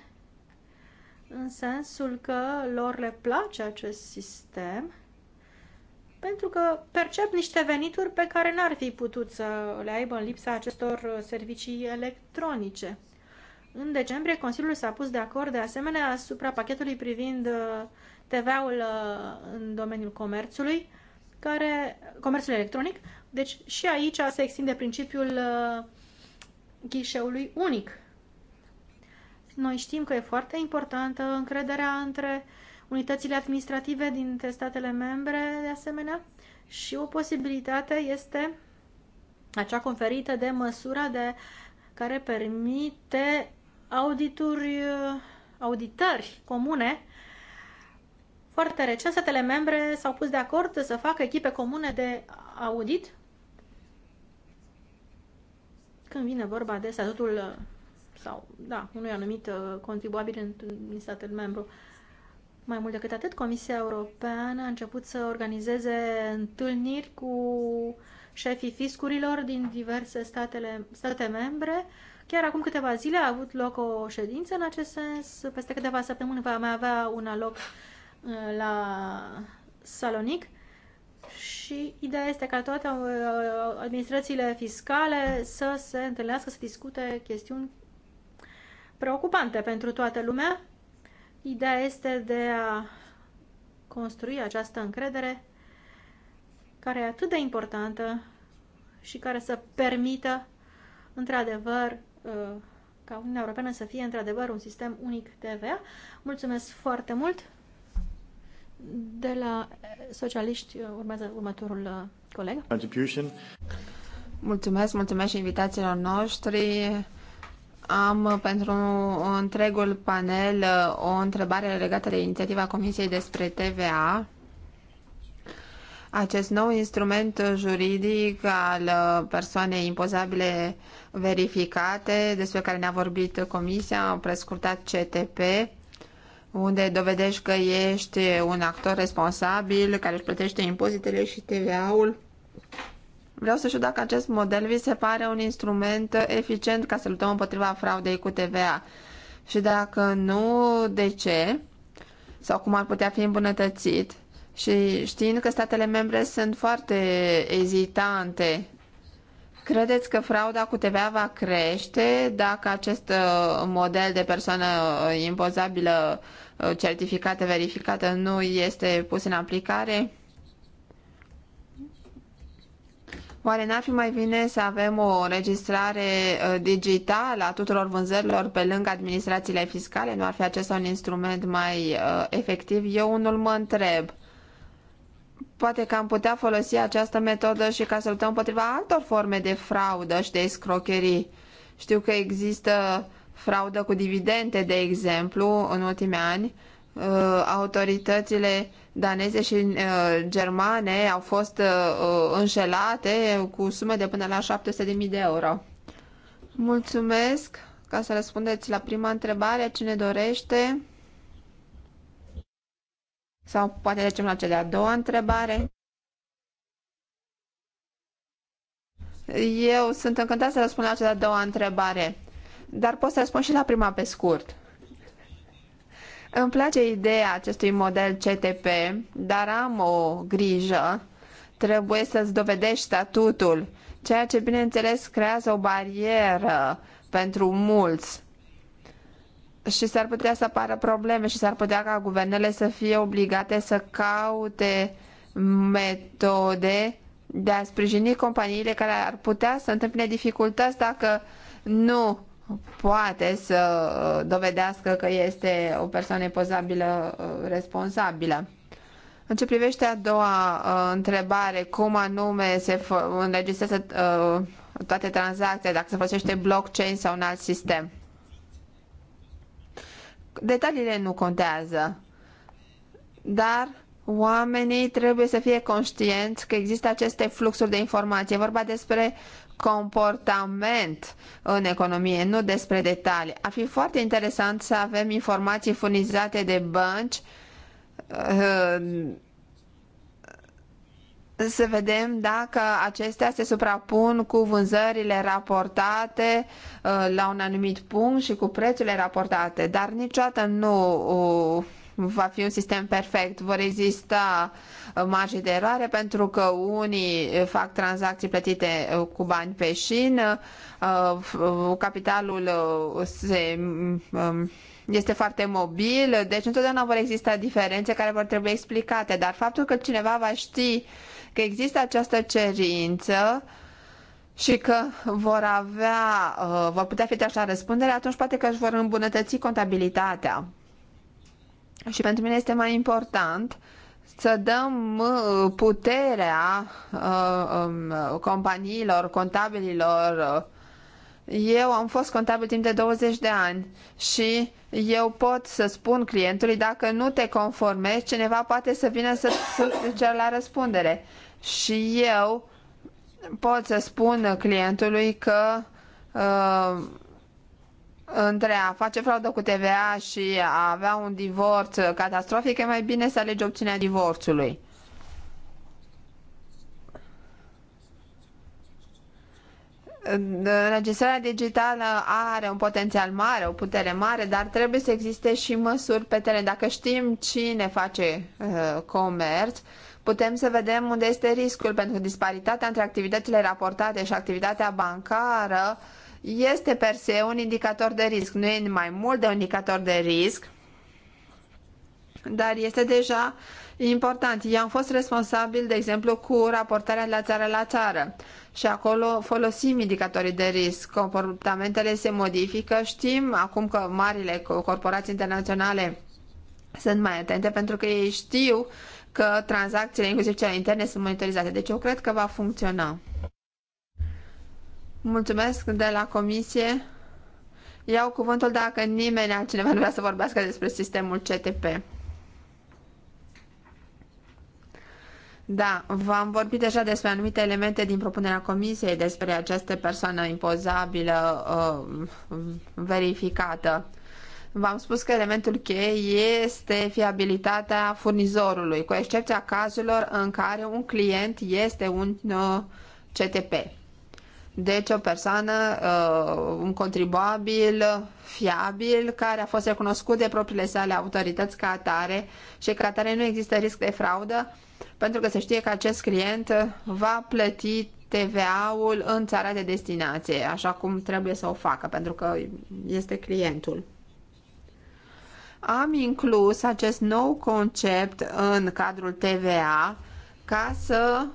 în sensul că lor le place acest sistem pentru că percep niște venituri pe care n-ar fi putut să le aibă în lipsa acestor servicii electronice. În decembrie, Consiliul s-a pus de acord de asemenea asupra pachetului privind uh, TVA-ul uh, în domeniul comerțului, care, comerțul electronic, deci și aici se extinde principiul uh, ghișeului unic. Noi știm că e foarte importantă încrederea între unitățile administrative dintre statele membre, de asemenea, și o posibilitate este acea conferită de măsura de care permite audituri, uh, auditări comune foarte recent, statele membre s-au pus de acord să facă echipe comune de audit când vine vorba de statutul sau, da, unui anumit uh, contribuabil în statul membru. Mai mult decât atât, Comisia Europeană a început să organizeze întâlniri cu șefii fiscurilor din diverse statele, state membre. Chiar acum câteva zile a avut loc o ședință în acest sens. Peste câteva săptămâni va mai avea una loc Uh, la Salonic și ideea este ca toate uh, administrațiile fiscale să se întâlnească, să discute chestiuni preocupante pentru toată lumea. Ideea este de a construi această încredere care e atât de importantă și care să permită, într-adevăr, uh, ca Uniunea Europeană să fie, într-adevăr, un sistem unic TVA. Mulțumesc foarte mult! De la eh, socialiști eh, urmează următorul eh, coleg. Contribution. Mulțumesc, mulțumesc și invitațiilor noștri. Am pentru întregul panel o întrebare legată de inițiativa Comisiei despre TVA. Acest nou instrument juridic al persoanei impozabile verificate, despre care ne-a vorbit Comisia, prescurtat CTP, unde dovedești că ești un actor responsabil, care își plătește impozitele și TVA-ul. Vreau să știu dacă acest model vi se pare un instrument eficient ca să luptăm împotriva fraudei cu TVA. Și dacă nu, de ce? Sau cum ar putea fi îmbunătățit? Și știind că statele membre sunt foarte ezitante Credeți că frauda cu TVA va crește dacă acest uh, model de persoană uh, impozabilă uh, certificată, verificată nu este pus în aplicare? Oare n-ar fi mai bine să avem o registrare digitală a tuturor vânzărilor pe lângă administrațiile fiscale? Nu ar fi acesta un instrument mai efectiv? Eu unul mă întreb. Poate că am putea folosi această metodă și ca să luptăm împotriva altor forme de fraudă și de escrocherii. Știu că există fraudă cu dividende, de exemplu, în ultimii ani. Uh, autoritățile daneze și uh, germane au fost uh, înșelate cu sume de până la 700.000 de euro. Mulțumesc! Ca să răspundeți la prima întrebare, cine dorește? Sau poate trecem la cea de-a doua întrebare. Eu sunt încântat să răspund la cea de-a doua întrebare, dar pot să răspund și la prima pe scurt. Îmi place ideea acestui model CTP, dar am o grijă. Trebuie să-ți dovedești statutul, ceea ce, bineînțeles, creează o barieră pentru mulți și s-ar putea să apară probleme și s-ar putea ca guvernele să fie obligate să caute metode de a sprijini companiile care ar putea să întâmpine dificultăți dacă nu poate să dovedească că este o persoană impozabilă responsabilă. În ce privește a doua uh, întrebare, cum anume se înregistrează uh, toate tranzacțiile, dacă se folosește blockchain sau un alt sistem? Detaliile nu contează, dar oamenii trebuie să fie conștienți că există aceste fluxuri de informație. vorba despre comportament în economie, nu despre detalii. Ar fi foarte interesant să avem informații furnizate de bănci uh, să vedem dacă acestea se suprapun cu vânzările raportate uh, la un anumit punct și cu prețurile raportate, dar niciodată nu uh, va fi un sistem perfect. Vor exista uh, marge de eroare pentru că unii fac tranzacții plătite cu bani pe șin, capitalul se um, este foarte mobil, deci întotdeauna vor exista diferențe care vor trebui explicate, dar faptul că cineva va ști că există această cerință și că vor avea, uh, vor putea fi așa răspundere, atunci poate că își vor îmbunătăți contabilitatea. Și pentru mine este mai important să dăm uh, puterea uh, um, companiilor, contabililor. Eu am fost contabil timp de 20 de ani și eu pot să spun clientului dacă nu te conformezi, cineva poate să vină să, cer la răspundere și eu pot să spun clientului că uh, între a face fraudă cu TVA și a avea un divorț catastrofic, e mai bine să alegi opțiunea divorțului. Înregistrarea digitală are un potențial mare, o putere mare, dar trebuie să existe și măsuri pe teren. Dacă știm cine face uh, comerț, uh, putem să vedem unde este riscul, pentru că disparitatea între activitățile raportate și activitatea bancară este per se un indicator de risc. Nu e mai mult de un indicator de risc, dar este deja important. Eu am fost responsabil, de exemplu, cu raportarea de la țară la țară și acolo folosim indicatorii de risc. Comportamentele se modifică. Știm acum că marile corporații internaționale sunt mai atente pentru că ei știu că tranzacțiile, inclusiv cele interne, sunt monitorizate. Deci eu cred că va funcționa. Mulțumesc de la comisie. Iau cuvântul dacă nimeni altcineva nu vrea să vorbească despre sistemul CTP. Da, v-am vorbit deja despre anumite elemente din propunerea comisiei despre această persoană impozabilă uh, verificată. V-am spus că elementul cheie este fiabilitatea furnizorului, cu excepția cazurilor în care un client este un uh, CTP. Deci o persoană, uh, un contribuabil fiabil care a fost recunoscut de propriile sale autorități ca atare și ca atare nu există risc de fraudă pentru că se știe că acest client va plăti TVA-ul în țara de destinație, așa cum trebuie să o facă, pentru că este clientul. Am inclus acest nou concept în cadrul TVA ca să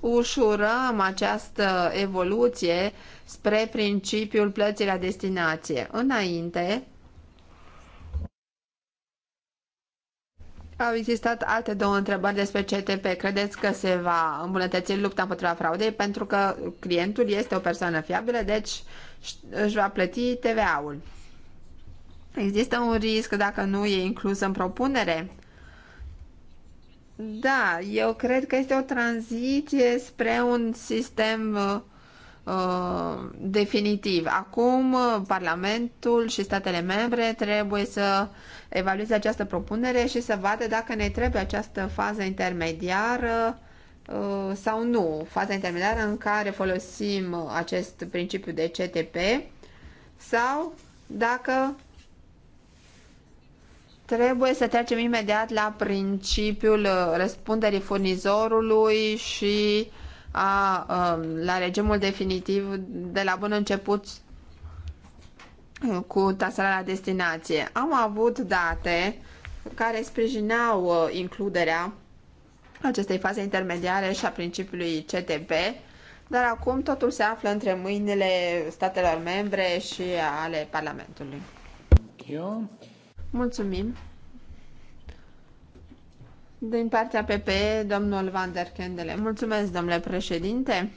ușurăm această evoluție spre principiul plății la destinație. Înainte, Au existat alte două întrebări despre CTP. Credeți că se va îmbunătăți lupta împotriva fraudei? Pentru că clientul este o persoană fiabilă, deci își va plăti TVA-ul. Există un risc dacă nu e inclus în propunere? Da, eu cred că este o tranziție spre un sistem uh, uh definitiv. Acum uh, Parlamentul și statele membre trebuie să evalueze această propunere și să vadă dacă ne trebuie această fază intermediară uh, sau nu. Faza intermediară în care folosim acest principiu de CTP sau dacă Trebuie să trecem imediat la principiul uh, răspunderii furnizorului și a, um, la regimul definitiv de la bun început uh, cu tasarea la destinație. Am avut date care sprijineau uh, includerea acestei faze intermediare și a principiului CTP, dar acum totul se află între mâinile statelor membre și ale Parlamentului. Thank you. Mulțumim. Din partea PP, domnul Van der Kendele. Mulțumesc, domnule președinte.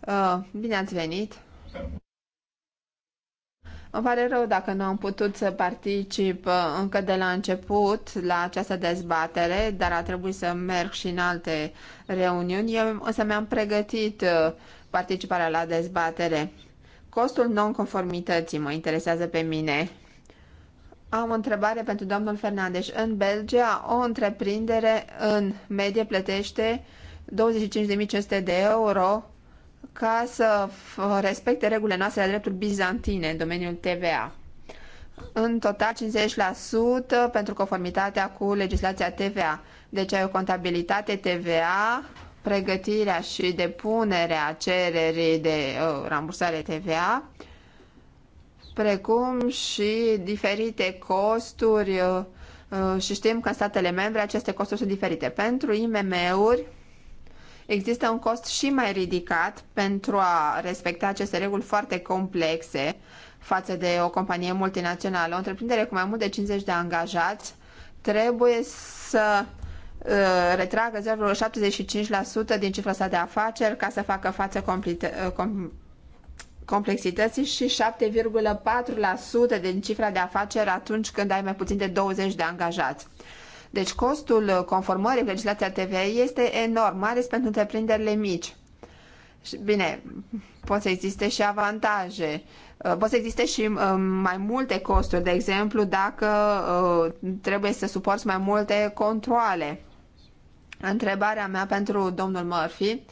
Uh, bine ați venit. Îmi pare rău dacă nu am putut să particip uh, încă de la început la această dezbatere, dar a trebuit să merg și în alte reuniuni. Eu să mi-am pregătit uh, participarea la dezbatere. Costul nonconformității mă interesează pe mine. Am o întrebare pentru domnul Fernandes. În Belgia, o întreprindere în medie plătește 25.500 de euro ca să respecte regulile noastre de drepturi bizantine în domeniul TVA. În total 50% pentru conformitatea cu legislația TVA. Deci ai o contabilitate TVA pregătirea și depunerea cererii de uh, rambursare TVA, precum și diferite costuri uh, uh, și știm că în statele membre aceste costuri sunt diferite. Pentru IMM-uri există un cost și mai ridicat pentru a respecta aceste reguli foarte complexe față de o companie multinațională. O întreprindere cu mai mult de 50 de angajați trebuie să Uh, retragă 0,75% din cifra sa de afaceri ca să facă față complete, uh, com, complexității și 7,4% din cifra de afaceri atunci când ai mai puțin de 20 de angajați. Deci costul conformării cu legislația TVA este enorm, mai ales pentru întreprinderile mici. bine, pot să existe și avantaje. Uh, pot să existe și mai multe costuri, de exemplu, dacă trebuie să suporți mai multe controle Întrebarea mea pentru domnul Murphy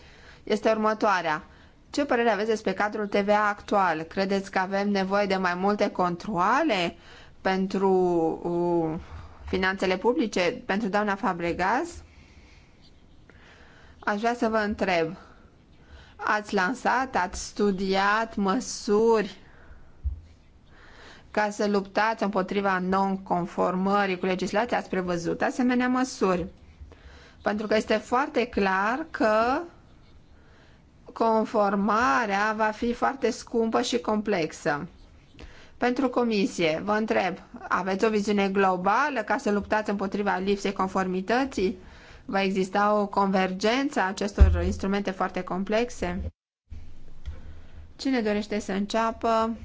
este următoarea. Ce părere aveți despre cadrul TVA actual? Credeți că avem nevoie de mai multe controle pentru uh, finanțele publice? Pentru doamna Fabregas? Aș vrea să vă întreb. Ați lansat, ați studiat măsuri ca să luptați împotriva non-conformării cu legislația? Ați prevăzut asemenea măsuri? Pentru că este foarte clar că conformarea va fi foarte scumpă și complexă. Pentru comisie, vă întreb, aveți o viziune globală ca să luptați împotriva lipsei conformității? Va exista o convergență a acestor instrumente foarte complexe? Cine dorește să înceapă?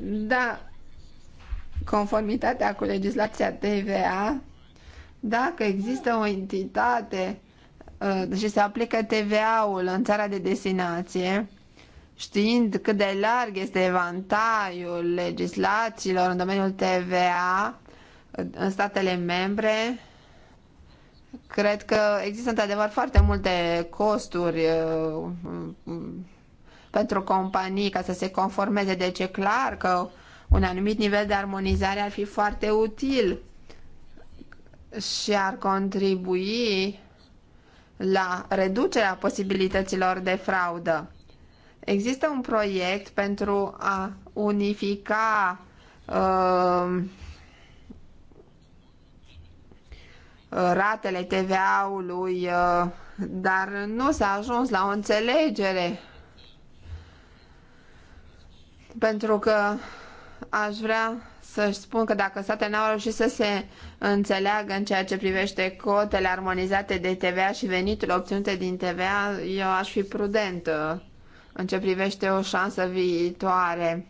da conformitatea cu legislația TVA dacă există o entitate uh, și se aplică TVA-ul în țara de destinație, știind cât de larg este evantaiul legislațiilor în domeniul TVA uh, în statele membre, cred că există într-adevăr foarte multe costuri uh, pentru companii ca să se conformeze. Deci e clar că un anumit nivel de armonizare ar fi foarte util și ar contribui la reducerea posibilităților de fraudă. Există un proiect pentru a unifica uh, ratele TVA-ului, uh, dar nu s-a ajuns la o înțelegere pentru că aș vrea să-și spun că dacă statele n-au reușit să se înțeleagă în ceea ce privește cotele armonizate de TVA și veniturile obținute din TVA, eu aș fi prudentă uh, în ce privește o șansă viitoare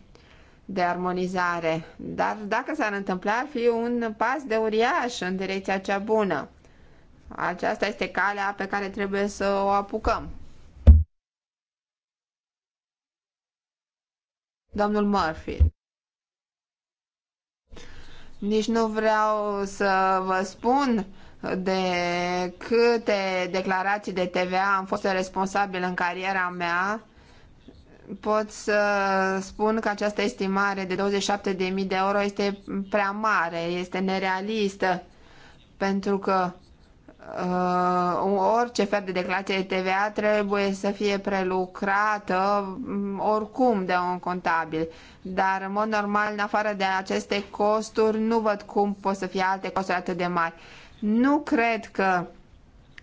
de armonizare. Dar dacă s-ar întâmpla, ar fi un pas de uriaș în direcția cea bună. Aceasta este calea pe care trebuie să o apucăm. Domnul Murphy. Nici nu vreau să vă spun de câte declarații de TVA am fost responsabil în cariera mea. Pot să spun că această estimare de 27.000 de euro este prea mare, este nerealistă, pentru că uh, orice fel de declarație de TVA trebuie să fie prelucrată mm, oricum de un contabil. Dar, în mod normal, în afară de aceste costuri, nu văd cum pot să fie alte costuri atât de mari. Nu cred că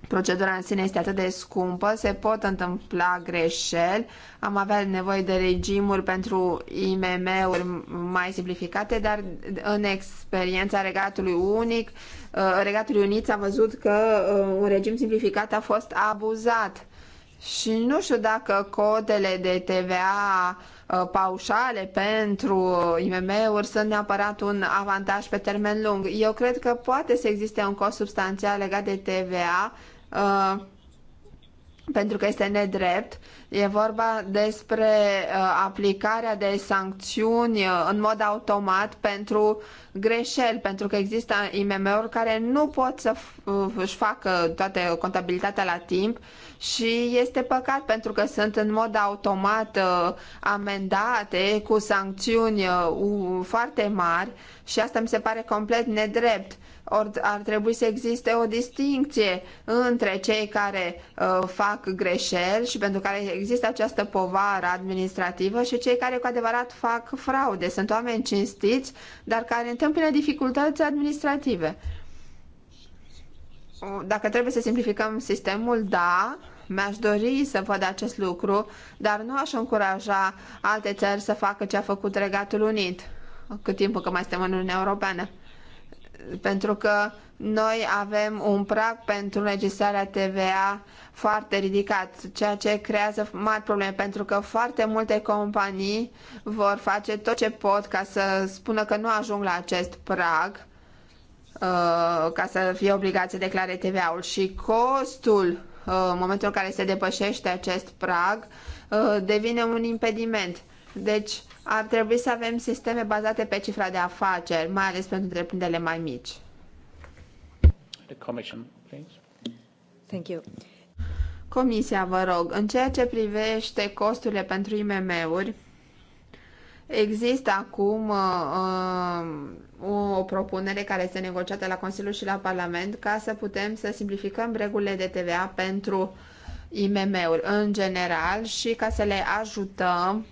procedura în sine este atât de scumpă, se pot întâmpla greșeli, am avea nevoie de regimuri pentru IMM-uri mai simplificate, dar în experiența Regatului Unic, uh, Regatului Unit a văzut că uh, un regim simplificat a fost abuzat. Și nu știu dacă codele de TVA uh, paușale pentru IMM-uri sunt neapărat un avantaj pe termen lung. Eu cred că poate să existe un cost substanțial legat de TVA Uh, pentru că este nedrept. E vorba despre uh, aplicarea de sancțiuni uh, în mod automat pentru greșeli, pentru că există IMM-uri care nu pot să uh, își facă toată contabilitatea la timp și este păcat pentru că sunt în mod automat uh, amendate cu sancțiuni uh, foarte mari și asta mi se pare complet nedrept Or, ar trebui să existe o distinție între cei care uh, fac greșeli și pentru care există această povară administrativă și cei care cu adevărat fac fraude. Sunt oameni cinstiți, dar care întâmpină dificultăți administrative. Dacă trebuie să simplificăm sistemul, da, mi-aș dori să văd acest lucru, dar nu aș încuraja alte țări să facă ce a făcut Regatul Unit, cât timp că mai suntem în Uniunea Europeană pentru că noi avem un prag pentru legislarea TVA foarte ridicat, ceea ce creează mari probleme, pentru că foarte multe companii vor face tot ce pot ca să spună că nu ajung la acest prag uh, ca să fie obligat să declare TVA-ul și costul uh, în momentul în care se depășește acest prag uh, devine un impediment. Deci ar trebui să avem sisteme bazate pe cifra de afaceri, mai ales pentru întreprinderile mai mici. The commission, please. Thank you. Comisia, vă rog, în ceea ce privește costurile pentru IMM-uri, există acum uh, uh o propunere care este negociată la Consiliu și la Parlament ca să putem să simplificăm regulile de TVA pentru IMM-uri în general și ca să le ajutăm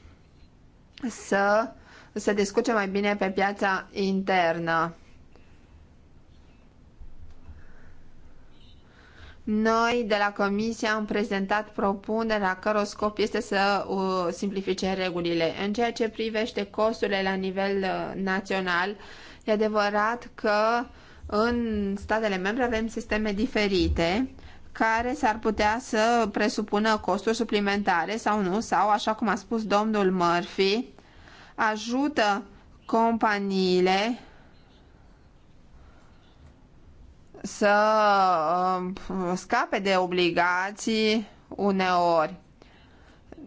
să se descurce mai bine pe piața internă. Noi de la Comisie am prezentat propunerea căror scop este să uh, simplifice regulile. În ceea ce privește costurile la nivel uh, național, e adevărat că în statele membre avem sisteme diferite care s-ar putea să presupună costuri suplimentare sau nu, sau, așa cum a spus domnul Murphy, ajută companiile să uh, scape de obligații uneori.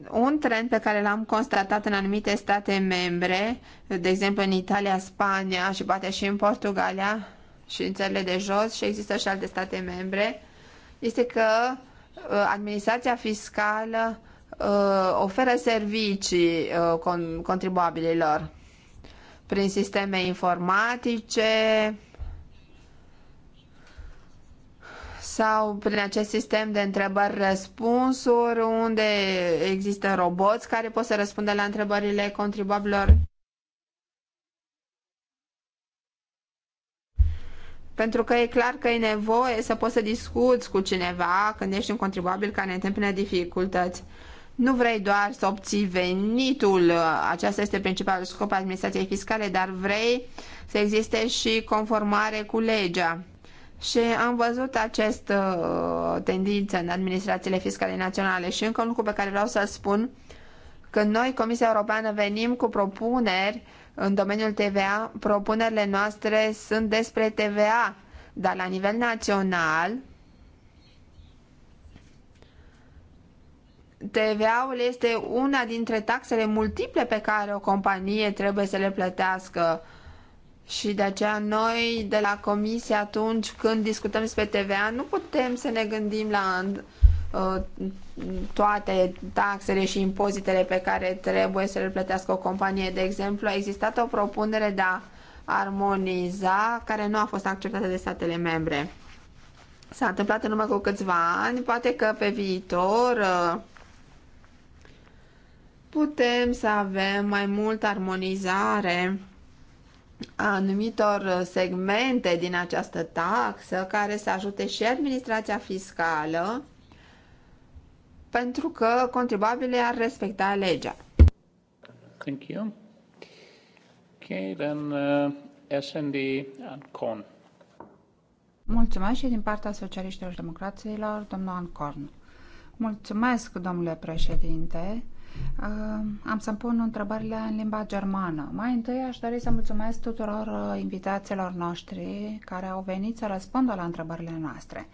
Un trend pe care l-am constatat în anumite state membre, de exemplu în Italia, Spania și poate și în Portugalia și în țările de jos și există și alte state membre, este că uh, administrația fiscală uh, oferă servicii uh, contribuabililor prin sisteme informatice sau prin acest sistem de întrebări-răspunsuri unde există roboți care pot să răspundă la întrebările contribuabililor. Pentru că e clar că e nevoie să poți să discuți cu cineva când ești un contribuabil care întâmplă dificultăți. Nu vrei doar să obții venitul, acesta este principalul scop al administrației fiscale, dar vrei să existe și conformare cu legea. Și am văzut această uh, tendință în administrațiile fiscale naționale și încă un lucru pe care vreau să-l spun, când noi, Comisia Europeană, venim cu propuneri în domeniul TVA, propunerile noastre sunt despre TVA, dar la nivel național, TVA-ul este una dintre taxele multiple pe care o companie trebuie să le plătească. Și de aceea noi de la comisie atunci când discutăm despre TVA nu putem să ne gândim la Uh, toate taxele și impozitele pe care trebuie să le plătească o companie. De exemplu, a existat o propunere de a armoniza care nu a fost acceptată de statele membre. S-a întâmplat în urmă cu câțiva ani, poate că pe viitor uh, putem să avem mai multă armonizare a anumitor segmente din această taxă care să ajute și administrația fiscală pentru că contribuabile ar respecta legea. Thank you. Okay, then uh, SND and Con. Mulțumesc și din partea Socialiștilor Democrațiilor, domnul Ancorn. Mulțumesc, domnule președinte. Uh, am să-mi pun întrebările în limba germană. Mai întâi aș dori să mulțumesc tuturor uh, invitațiilor noștri care au venit să răspundă la întrebările noastre.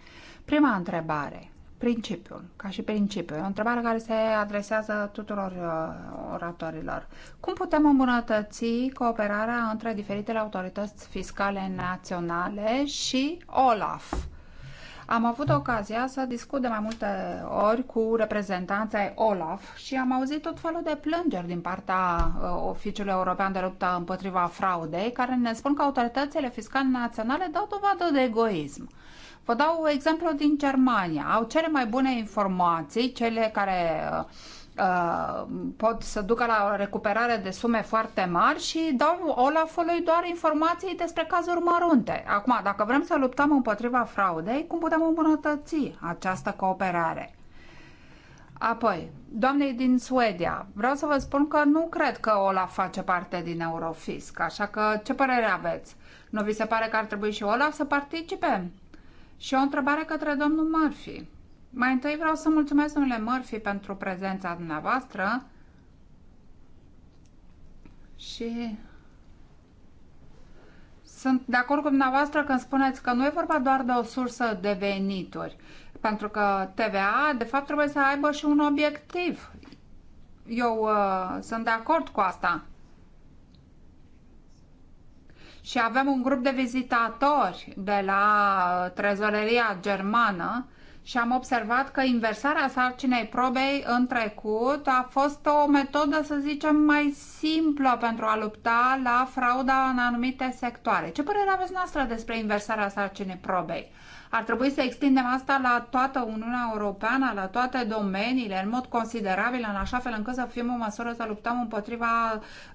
Prima întrebare principiul, ca și principiu. E o întrebare care se adresează tuturor uh, oratorilor. Cum putem îmbunătăți cooperarea între diferitele autorități fiscale naționale și OLAF? Am avut ocazia să discut de mai multe ori cu reprezentanța OLAF și am auzit tot felul de plângeri din partea uh, Oficiului European de Luptă împotriva Fraudei, care ne spun că autoritățile fiscale naționale dau dovadă de egoism. Vă dau exemplu din Germania. Au cele mai bune informații, cele care uh, uh, pot să ducă la o recuperare de sume foarte mari și dau Olafului doar informații despre cazuri mărunte. Acum, dacă vrem să luptăm împotriva fraudei, cum putem îmbunătăți această cooperare? Apoi, doamnei din Suedia, vreau să vă spun că nu cred că Olaf face parte din Eurofisc, așa că ce părere aveți? Nu vi se pare că ar trebui și Olaf să participe? Și o întrebare către domnul Murphy. Mai întâi vreau să mulțumesc domnule Murphy pentru prezența dumneavoastră și sunt de acord cu dumneavoastră când spuneți că nu e vorba doar de o sursă de venituri, pentru că TVA, de fapt, trebuie să aibă și un obiectiv. Eu uh, sunt de acord cu asta și avem un grup de vizitatori de la uh, trezoreria germană și am observat că inversarea sarcinei probei în trecut a fost o metodă, să zicem, mai simplă pentru a lupta la frauda în anumite sectoare. Ce părere aveți noastră despre inversarea sarcinei probei? Ar trebui să extindem asta la toată Uniunea Europeană, la toate domeniile, în mod considerabil, în așa fel încât să fim o măsură să luptăm împotriva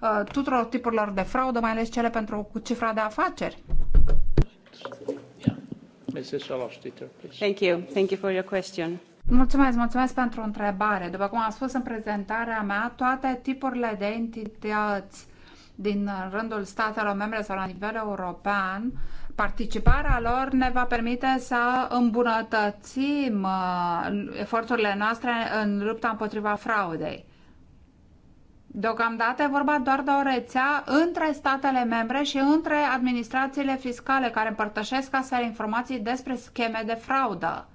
uh, tuturor tipurilor de fraudă, mai ales cele pentru cu cifra de afaceri. Thank you. Thank you for your question. Mulțumesc, mulțumesc pentru întrebare. După cum am spus în prezentarea mea, toate tipurile de entități din rândul statelor membre sau la nivel european Participarea lor ne va permite să îmbunătățim uh, eforturile noastre în lupta împotriva fraudei. Deocamdată e vorba doar de o rețea între statele membre și între administrațiile fiscale care împărtășesc astfel informații despre scheme de fraudă.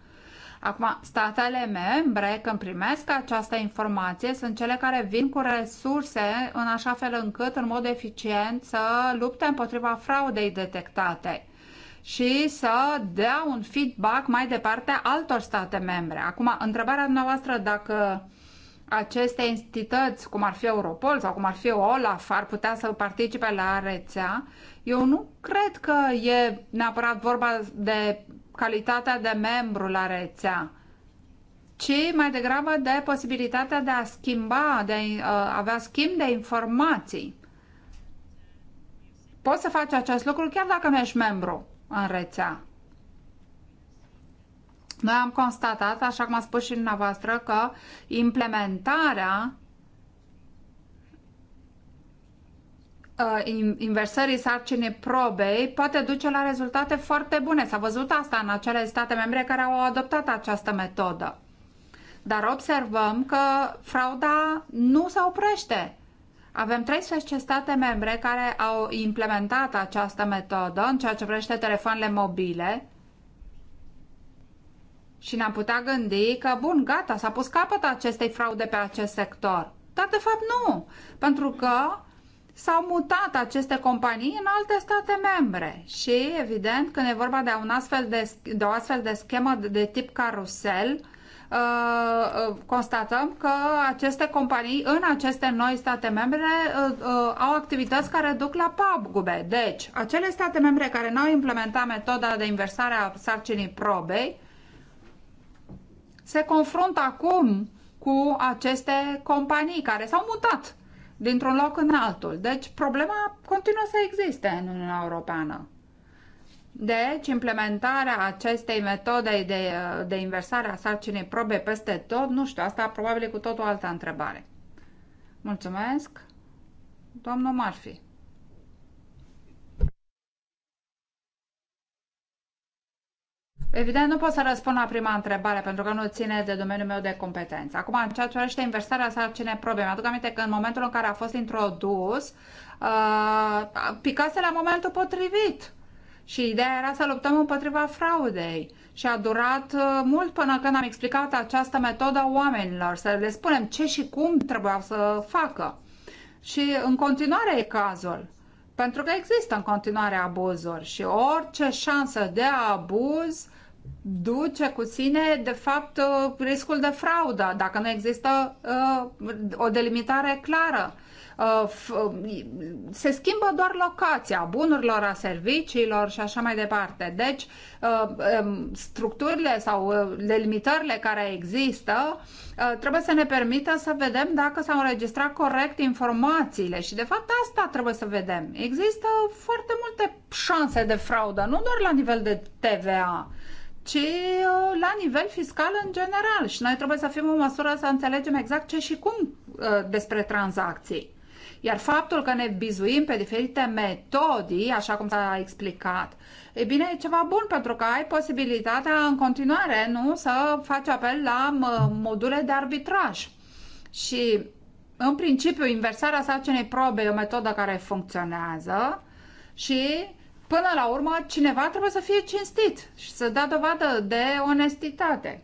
Acum, statele membre, când primesc această informație, sunt cele care vin cu resurse în așa fel încât, în mod eficient, să lupte împotriva fraudei detectate și să dea un feedback mai departe altor state membre. Acum, întrebarea noastră dacă aceste entități, cum ar fi Europol sau cum ar fi Olaf, ar putea să participe la rețea, eu nu cred că e neapărat vorba de calitatea de membru la rețea, ci mai degrabă de posibilitatea de a schimba, de a uh, avea schimb de informații. Poți să faci acest lucru chiar dacă nu ești membru în rețea. Noi am constatat, așa cum a spus și dumneavoastră, că implementarea uh, inversării sarcinii probei poate duce la rezultate foarte bune. S-a văzut asta în acele state membre care au adoptat această metodă. Dar observăm că frauda nu se oprește. Avem 13 state membre care au implementat această metodă în ceea ce privește telefoanele mobile și ne-am putea gândi că, bun, gata, s-a pus capăt acestei fraude pe acest sector. Dar, de fapt, nu, pentru că s-au mutat aceste companii în alte state membre și, evident, când e vorba de, un astfel de, de o astfel de schemă de, de tip carusel, Uh, uh, constatăm că aceste companii în aceste noi state membre uh, au activități care duc la pagube. Deci, acele state membre care nu au implementat metoda de inversare a sarcinii probei se confruntă acum cu aceste companii care s-au mutat dintr-un loc în altul. Deci, problema continuă să existe în Uniunea Europeană. Deci, implementarea acestei metode de, de inversare a sarcinii probe peste tot, nu știu, asta probabil e cu tot o altă întrebare. Mulțumesc, domnul Marfi. Evident, nu pot să răspund la prima întrebare, pentru că nu ține de domeniul meu de competență. Acum, în ceea ce privește inversarea sarcinii probe, mi-aduc aminte că în momentul în care a fost introdus, uh, picase la momentul potrivit și ideea era să luptăm împotriva fraudei. Și a durat uh, mult până când am explicat această metodă oamenilor, să le spunem ce și cum trebuia să facă. Și în continuare e cazul. Pentru că există în continuare abuzuri și orice șansă de abuz duce cu sine, de fapt, uh, riscul de fraudă, dacă nu există uh, o delimitare clară Uh, uh, se schimbă doar locația bunurilor, a serviciilor și așa mai departe. Deci, uh, um, structurile sau delimitările care există trebuie să ne permită să vedem dacă s-au înregistrat corect informațiile și de fapt asta trebuie să vedem. Există foarte multe șanse de fraudă, nu doar la nivel de TVA, ci la nivel fiscal în general și noi trebuie să fim în măsură să înțelegem exact ce și cum despre tranzacții. Iar faptul că ne bizuim pe diferite metodii, așa cum s-a explicat, e bine, e ceva bun pentru că ai posibilitatea în continuare nu să faci apel la module de arbitraj. Și în principiu, inversarea sarcinei probe e o metodă care funcționează și până la urmă cineva trebuie să fie cinstit și să dea dovadă de onestitate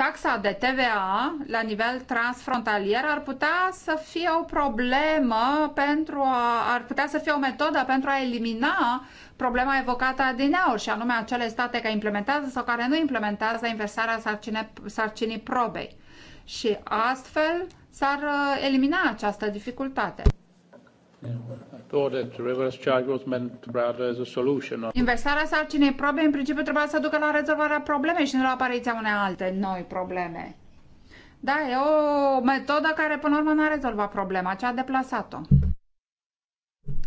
taxa de TVA la nivel transfrontalier ar putea să fie o problemă pentru a, ar putea să fie o metodă pentru a elimina problema evocată adineauri și anume acele state care implementează sau care nu implementează inversarea sarcine, sarcinii probei. Și astfel s-ar uh, elimina această dificultate. Inversarea sarcinei probe, în principiu, trebuia să ducă la rezolvarea problemei și nu la apariția unei alte noi probleme. Da, e o metodă care, până la urmă, nu a rezolvat problema, ci a deplasat-o.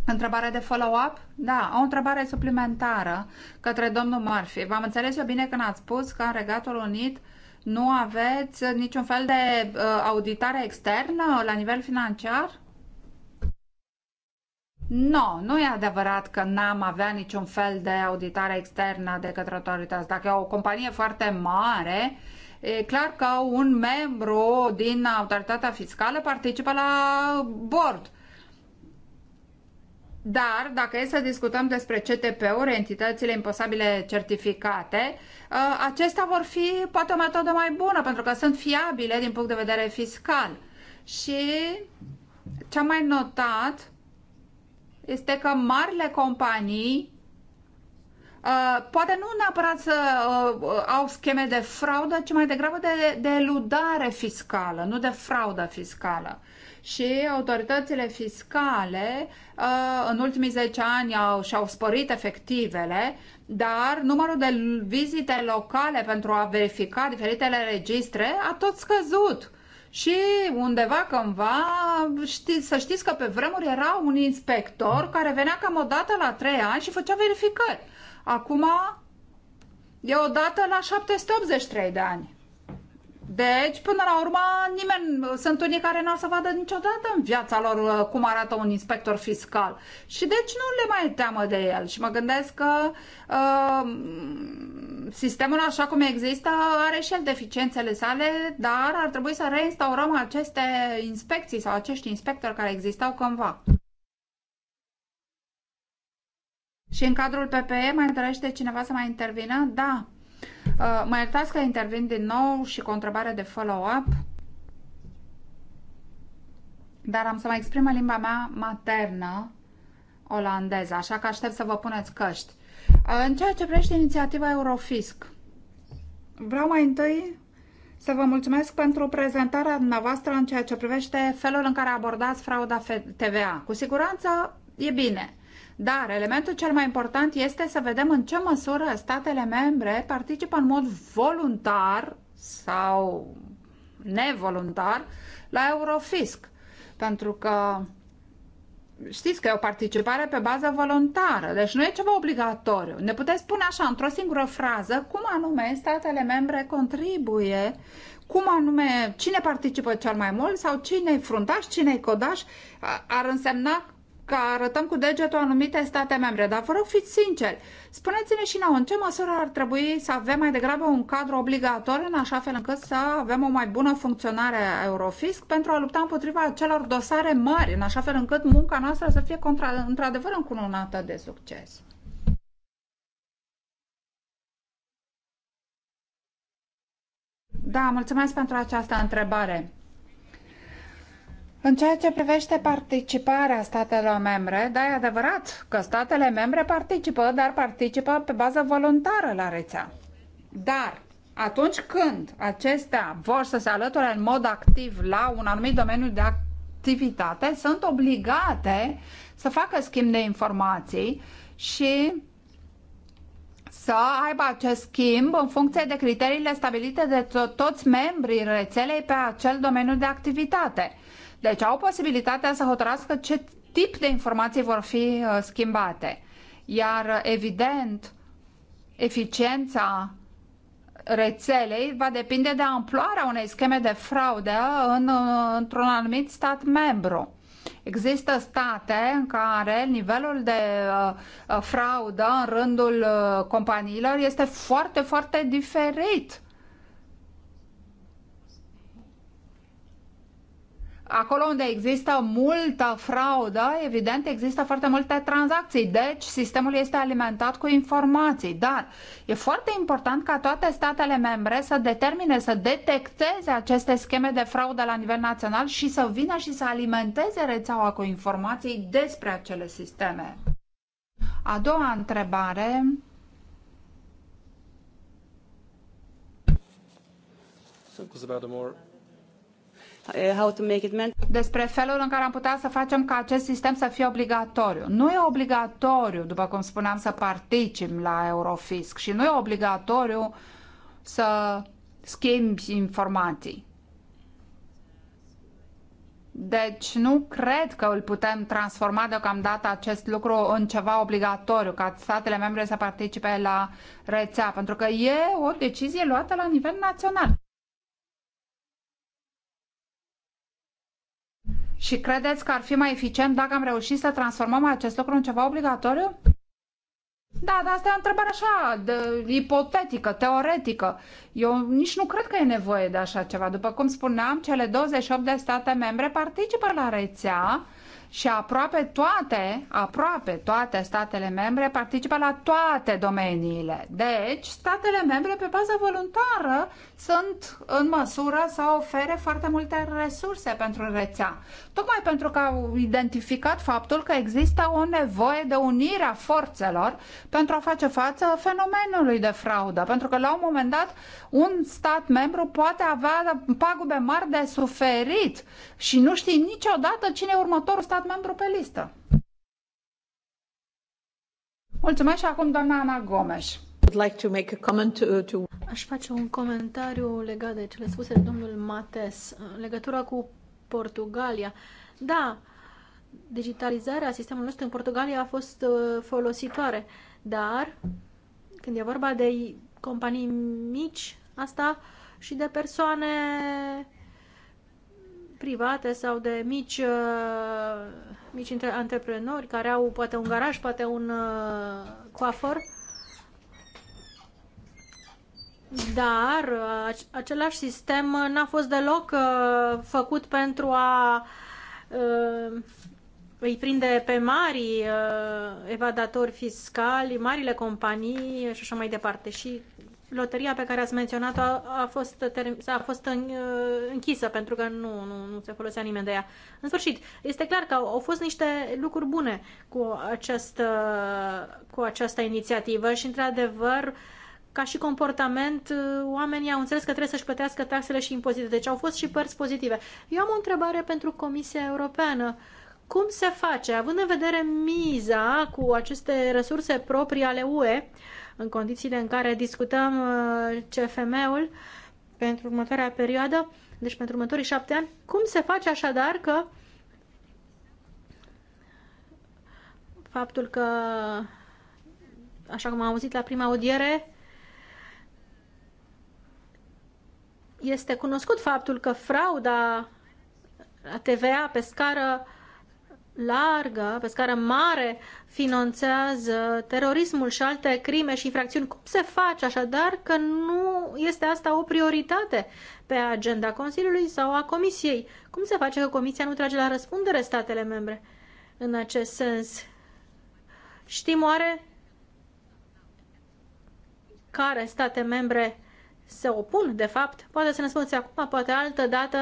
Întrebare de follow-up? Da, o întrebare suplimentară către domnul Murphy. V-am înțeles eu bine când ați spus că în Regatul Unit nu aveți niciun fel de uh, auditare externă la nivel financiar? Nu, nu e adevărat că n-am avea niciun fel de auditare externă de către autorități. Dacă e o companie foarte mare, e clar că un membru din autoritatea fiscală participă la board. Dar, dacă e să discutăm despre CTP-uri, entitățile imposabile certificate, acestea vor fi poate o metodă mai bună, pentru că sunt fiabile din punct de vedere fiscal. Și ce am mai notat este că marile companii Uh, poate nu neapărat să uh, au scheme de fraudă, ci mai degrabă de, de eludare fiscală, nu de fraudă fiscală. Și autoritățile fiscale uh, în ultimii 10 ani au, și-au spărit efectivele, dar numărul de vizite locale pentru a verifica diferitele registre a tot scăzut și undeva cândva, ști, să știți că pe vremuri era un inspector care venea cam o dată la 3 ani și făcea verificări. Acum e o dată la 783 de ani. Deci, până la urmă, nimeni, sunt unii care nu au să vadă niciodată în viața lor uh, cum arată un inspector fiscal. Și deci nu le mai teamă de el. Și mă gândesc că uh, sistemul așa cum există are și el deficiențele sale, dar ar trebui să reinstaurăm aceste inspecții sau acești inspectori care existau cândva. Și în cadrul PPE mai dorește cineva să mai intervină? Da, Uh, mă iertați că intervin din nou și cu o întrebare de follow-up, dar am să mă exprim în limba mea maternă, olandeză, așa că aștept să vă puneți căști. Uh, în ceea ce privește inițiativa Eurofisc, vreau mai întâi să vă mulțumesc pentru prezentarea dumneavoastră în ceea ce privește felul în care abordați frauda TVA. Cu siguranță e bine, dar elementul cel mai important este să vedem în ce măsură statele membre participă în mod voluntar sau nevoluntar la Eurofisc. Pentru că știți că e o participare pe bază voluntară, deci nu e ceva obligatoriu. Ne puteți spune așa, într-o singură frază, cum anume statele membre contribuie, cum anume, cine participă cel mai mult sau cine i fruntaș, cine i codaș, ar însemna că arătăm cu degetul anumite state membre, dar vă rog fiți sinceri, spuneți-ne și nouă în ce măsură ar trebui să avem mai degrabă un cadru obligatoriu în așa fel încât să avem o mai bună funcționare a Eurofisc pentru a lupta împotriva acelor dosare mari, în așa fel încât munca noastră să fie într-adevăr încununată de succes. Da, mulțumesc pentru această întrebare. În ceea ce privește participarea statelor membre, da, e adevărat că statele membre participă, dar participă pe bază voluntară la rețea. Dar atunci când acestea vor să se alăture în mod activ la un anumit domeniu de activitate, sunt obligate să facă schimb de informații și să aibă acest schimb în funcție de criteriile stabilite de to- toți membrii rețelei pe acel domeniu de activitate. Deci au posibilitatea să hotărască ce tip de informații vor fi uh, schimbate. Iar, uh, evident, eficiența rețelei va depinde de amploarea unei scheme de fraude în, uh, într-un anumit stat membru. Există state în care nivelul de uh, fraudă în rândul uh, companiilor este foarte, foarte diferit. acolo unde există multă fraudă, evident există foarte multe tranzacții, deci sistemul este alimentat cu informații, dar e foarte important ca toate statele membre să determine, să detecteze aceste scheme de fraudă la nivel național și să vină și să alimenteze rețeaua cu informații despre acele sisteme. A doua întrebare So more Uh, how to make it despre felul în care am putea să facem ca acest sistem să fie obligatoriu. Nu e obligatoriu, după cum spuneam, să participăm la Eurofisc și nu e obligatoriu să schimbi informații. Deci nu cred că îl putem transforma deocamdată acest lucru în ceva obligatoriu, ca statele membre să participe la rețea, pentru că e o decizie luată la nivel național. Și credeți că ar fi mai eficient dacă am reușit să transformăm acest lucru în ceva obligatoriu? Da, dar asta e o întrebare așa, de, ipotetică, teoretică. Eu nici nu cred că e nevoie de așa ceva. După cum spuneam, cele 28 de state membre participă la rețea și aproape toate, aproape toate statele membre participă la toate domeniile. Deci, statele membre pe bază voluntară sunt în măsură să ofere foarte multe resurse pentru rețea tocmai pentru că au identificat faptul că există o nevoie de unire a forțelor pentru a face față fenomenului de fraudă. Pentru că la un moment dat un stat membru poate avea pagube mari de suferit și nu știi niciodată cine e următorul stat membru pe listă. Mulțumesc și acum doamna Ana Gomes. Aș face un comentariu legat de cele spuse de domnul Mates în legătură cu Portugalia. Da, digitalizarea sistemului nostru în Portugalia a fost uh, folositoare, dar când e vorba de companii mici, asta și de persoane private sau de mici, uh, mici antreprenori care au poate un garaj, poate un uh, coafor, dar uh, același sistem uh, n-a fost deloc uh, făcut pentru a îi prinde pe mari evadatori fiscali, marile companii și așa mai departe. Și loteria pe care ați menționat-o a, fost, a fost închisă pentru că nu, nu, nu se folosea nimeni de ea. În sfârșit, este clar că au fost niște lucruri bune cu această, cu această inițiativă și, într-adevăr, uh, ca și comportament, uh, oamenii au înțeles că trebuie să-și plătească taxele și impozite. Deci au fost și părți pozitive. Eu am o întrebare pentru Comisia Europeană. Cum se face, având în vedere miza cu aceste resurse proprii ale UE, în condițiile în care discutăm uh, CFM-ul pentru următoarea perioadă, deci pentru următorii șapte ani, cum se face așadar că faptul că, așa cum am auzit la prima audiere, Este cunoscut faptul că frauda la TVA pe scară largă, pe scară mare, finanțează terorismul și alte crime și infracțiuni. Cum se face așadar că nu este asta o prioritate pe agenda Consiliului sau a Comisiei? Cum se face că Comisia nu trage la răspundere statele membre în acest sens? Știm oare care state membre se opun, de fapt, poate să ne spuneți acum, poate altă dată,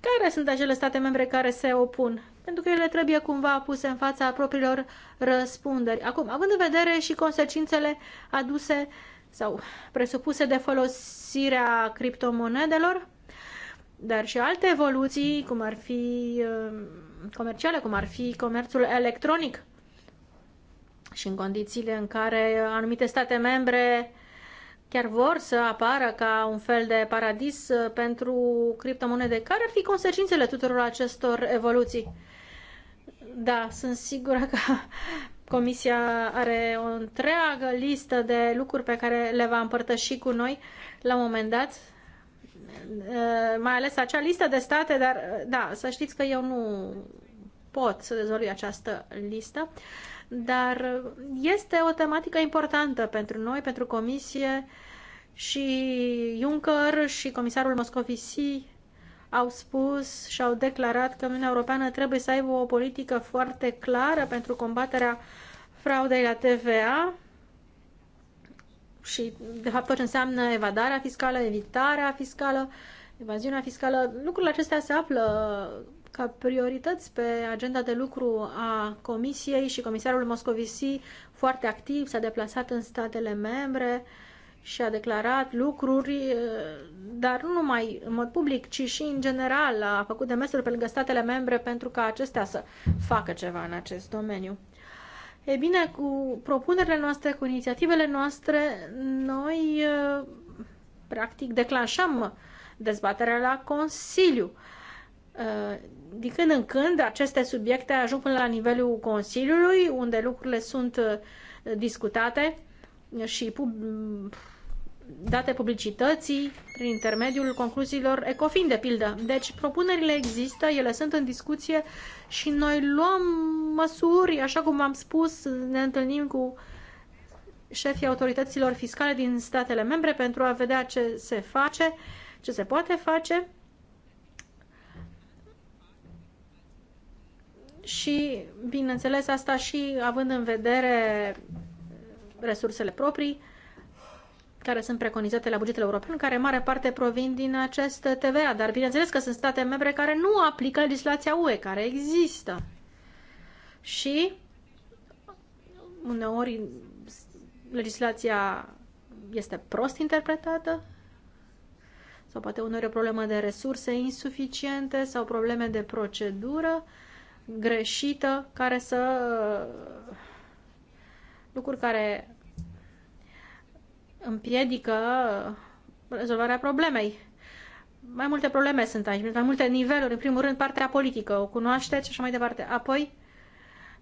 care sunt acele state membre care se opun? Pentru că ele trebuie cumva puse în fața propriilor răspunderi. Acum, având în vedere și consecințele aduse sau presupuse de folosirea criptomonedelor, dar și alte evoluții, cum ar fi uh, comerciale, cum ar fi comerțul electronic și în condițiile în care anumite state membre uh, chiar vor să apară ca un fel de paradis uh, pentru criptomonede. Care ar fi consecințele tuturor acestor evoluții? Da, sunt sigură că Comisia are o întreagă listă de lucruri pe care le va împărtăși cu noi la un moment dat, uh, mai ales acea listă de state, dar uh, da, să știți că eu nu pot să dezvălui această listă dar este o tematică importantă pentru noi, pentru Comisie și Juncker și comisarul Moscovici au spus și au declarat că Uniunea Europeană trebuie să aibă o politică foarte clară pentru combaterea fraudei la TVA și, de fapt, tot ce înseamnă evadarea fiscală, evitarea fiscală, evaziunea fiscală. Lucrurile acestea se află ca priorități pe agenda de lucru a Comisiei și comisarul Moscovici foarte activ s-a deplasat în statele membre și a declarat lucruri, eh, dar nu numai în mod public, ci și în general a făcut demersuri pe lângă statele membre pentru ca acestea să facă ceva în acest domeniu. E bine, cu propunerile noastre, cu inițiativele noastre, noi eh, practic declanșăm dezbaterea la Consiliu Uh, din când în când aceste subiecte ajung până la nivelul Consiliului, unde lucrurile sunt uh, discutate și pub- date publicității prin intermediul concluziilor ECOFIN, de pildă. Deci propunerile există, ele sunt în discuție și noi luăm măsuri, așa cum am spus, ne întâlnim cu șefii autorităților fiscale din statele membre pentru a vedea ce se face, ce se poate face și, bineînțeles, asta și având în vedere uh, resursele proprii care sunt preconizate la bugetul european, care în mare parte provin din acest TVA, dar bineînțeles că sunt state membre care nu aplică legislația UE, care există. Și uneori legislația este prost interpretată sau poate uneori o problemă de resurse insuficiente sau probleme de procedură greșită, care să... lucruri care împiedică rezolvarea problemei. Mai multe probleme sunt aici, mai multe niveluri. În primul rând, partea politică, o cunoașteți și așa mai departe. Apoi,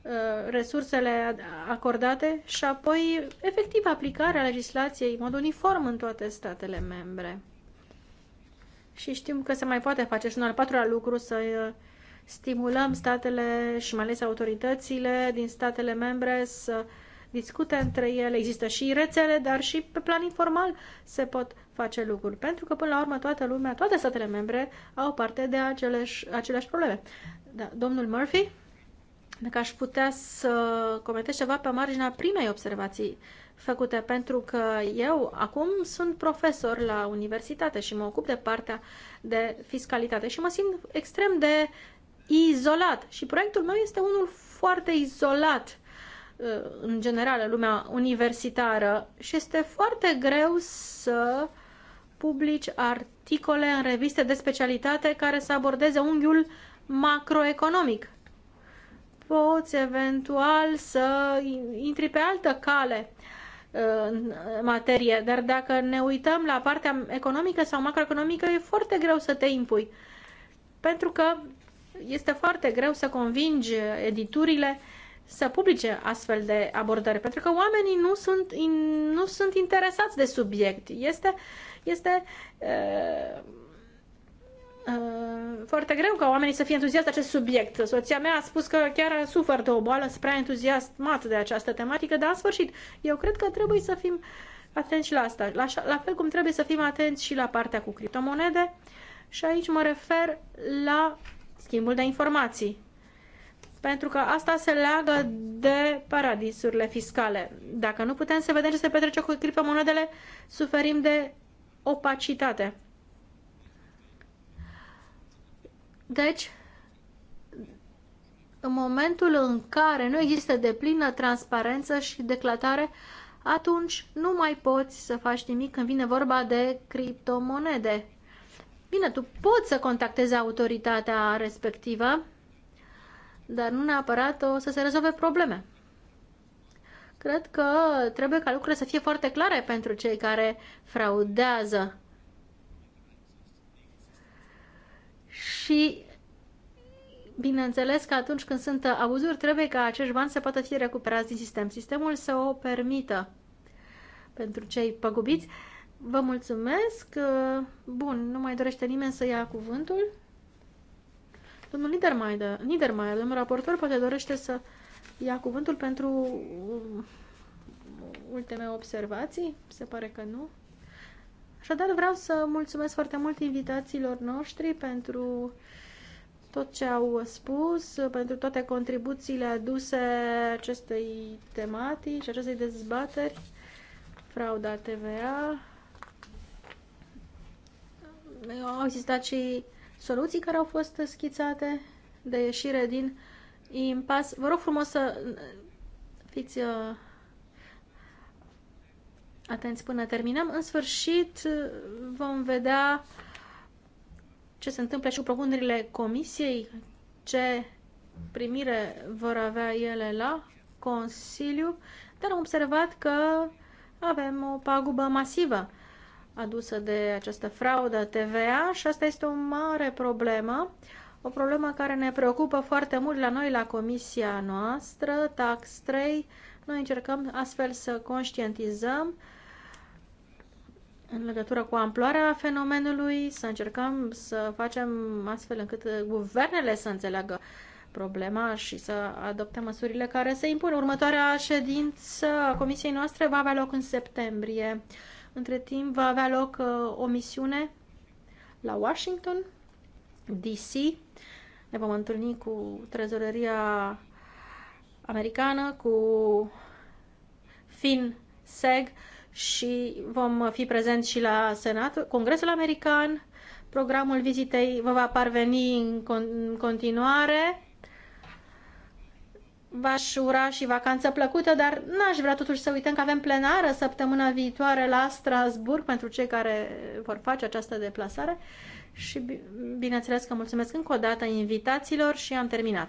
uh, resursele acordate și apoi, efectiv, aplicarea legislației în mod uniform în toate statele membre. Și știm că se mai poate face și un al patrulea lucru să uh, stimulăm statele și mai ales autoritățile din statele membre să discute între ele. Există și rețele, dar și pe plan informal se pot face lucruri. Pentru că, până la urmă, toată lumea, toate statele membre au parte de aceleși, aceleași probleme. Da, domnul Murphy, dacă aș putea să comentez ceva pe marginea primei observații făcute, pentru că eu acum sunt profesor la universitate și mă ocup de partea de fiscalitate și mă simt extrem de izolat. Și proiectul meu este unul foarte izolat uh, în general lumea universitară și este foarte greu să publici articole în reviste de specialitate care să abordeze unghiul macroeconomic. Poți eventual să intri pe altă cale uh, în materie, dar dacă ne uităm la partea economică sau macroeconomică, e foarte greu să te impui. Pentru că este foarte greu să convingi editurile să publice astfel de abordări, pentru că oamenii nu sunt, nu sunt interesați de subiect. Este, este uh, uh, foarte greu ca oamenii să fie entuziați de acest subiect. Soția mea a spus că chiar sufer de o boală, sunt prea entuziasmat de această tematică, dar în sfârșit, eu cred că trebuie să fim atenți și la asta, la, la fel cum trebuie să fim atenți și la partea cu criptomonede. Și aici mă refer la schimbul de informații. Pentru că asta se leagă de paradisurile fiscale. Dacă nu putem să vedem ce se petrece cu criptomonedele, suferim de opacitate. Deci, în momentul în care nu există deplină transparență și declatare, atunci nu mai poți să faci nimic când vine vorba de criptomonede. Bine, tu poți să contactezi autoritatea respectivă, dar nu neapărat o să se rezolve probleme. Cred că trebuie ca lucrurile să fie foarte clare pentru cei care fraudează. Și bineînțeles că atunci când sunt abuzuri, trebuie ca acești bani să poată fi recuperați din sistem. Sistemul să o permită pentru cei păgubiți. Vă mulțumesc. Bun, nu mai dorește nimeni să ia cuvântul. Domnul Niedermayer, domnul raportor, poate dorește să ia cuvântul pentru ultime observații? Se pare că nu. Așadar, vreau să mulțumesc foarte mult invitațiilor noștri pentru tot ce au spus, pentru toate contribuțiile aduse acestei tematici, acestei dezbateri, frauda TVA, Eh, au existat și soluții care au fost schițate de ieșire din impas. Vă rog frumos să eh, fiți eh, atenți până terminăm. În sfârșit vom vedea ce se întâmplă și cu propunerile comisiei, ce primire vor avea ele la Consiliu, dar am observat că avem o pagubă masivă adusă de această fraudă TVA și asta este o mare problemă, o problemă care ne preocupă foarte mult la noi, la comisia noastră, Tax 3. Noi încercăm astfel să conștientizăm în legătură cu amploarea fenomenului, să încercăm să facem astfel încât guvernele să înțeleagă problema și să adopte măsurile care se impun. Următoarea ședință a comisiei noastre va avea loc în septembrie. Între timp va avea loc uh, o misiune la Washington, DC. Ne vom întâlni cu trezoreria americană, cu Finn Seg și vom fi prezenți și la Senat, Congresul American. Programul vizitei vă va parveni în continuare v-aș ura și vacanță plăcută, dar n-aș vrea totuși să uităm că avem plenară săptămâna viitoare la Strasburg pentru cei care vor face această deplasare și bineînțeles că mulțumesc încă o dată invitațiilor și am terminat.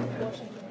Thank you.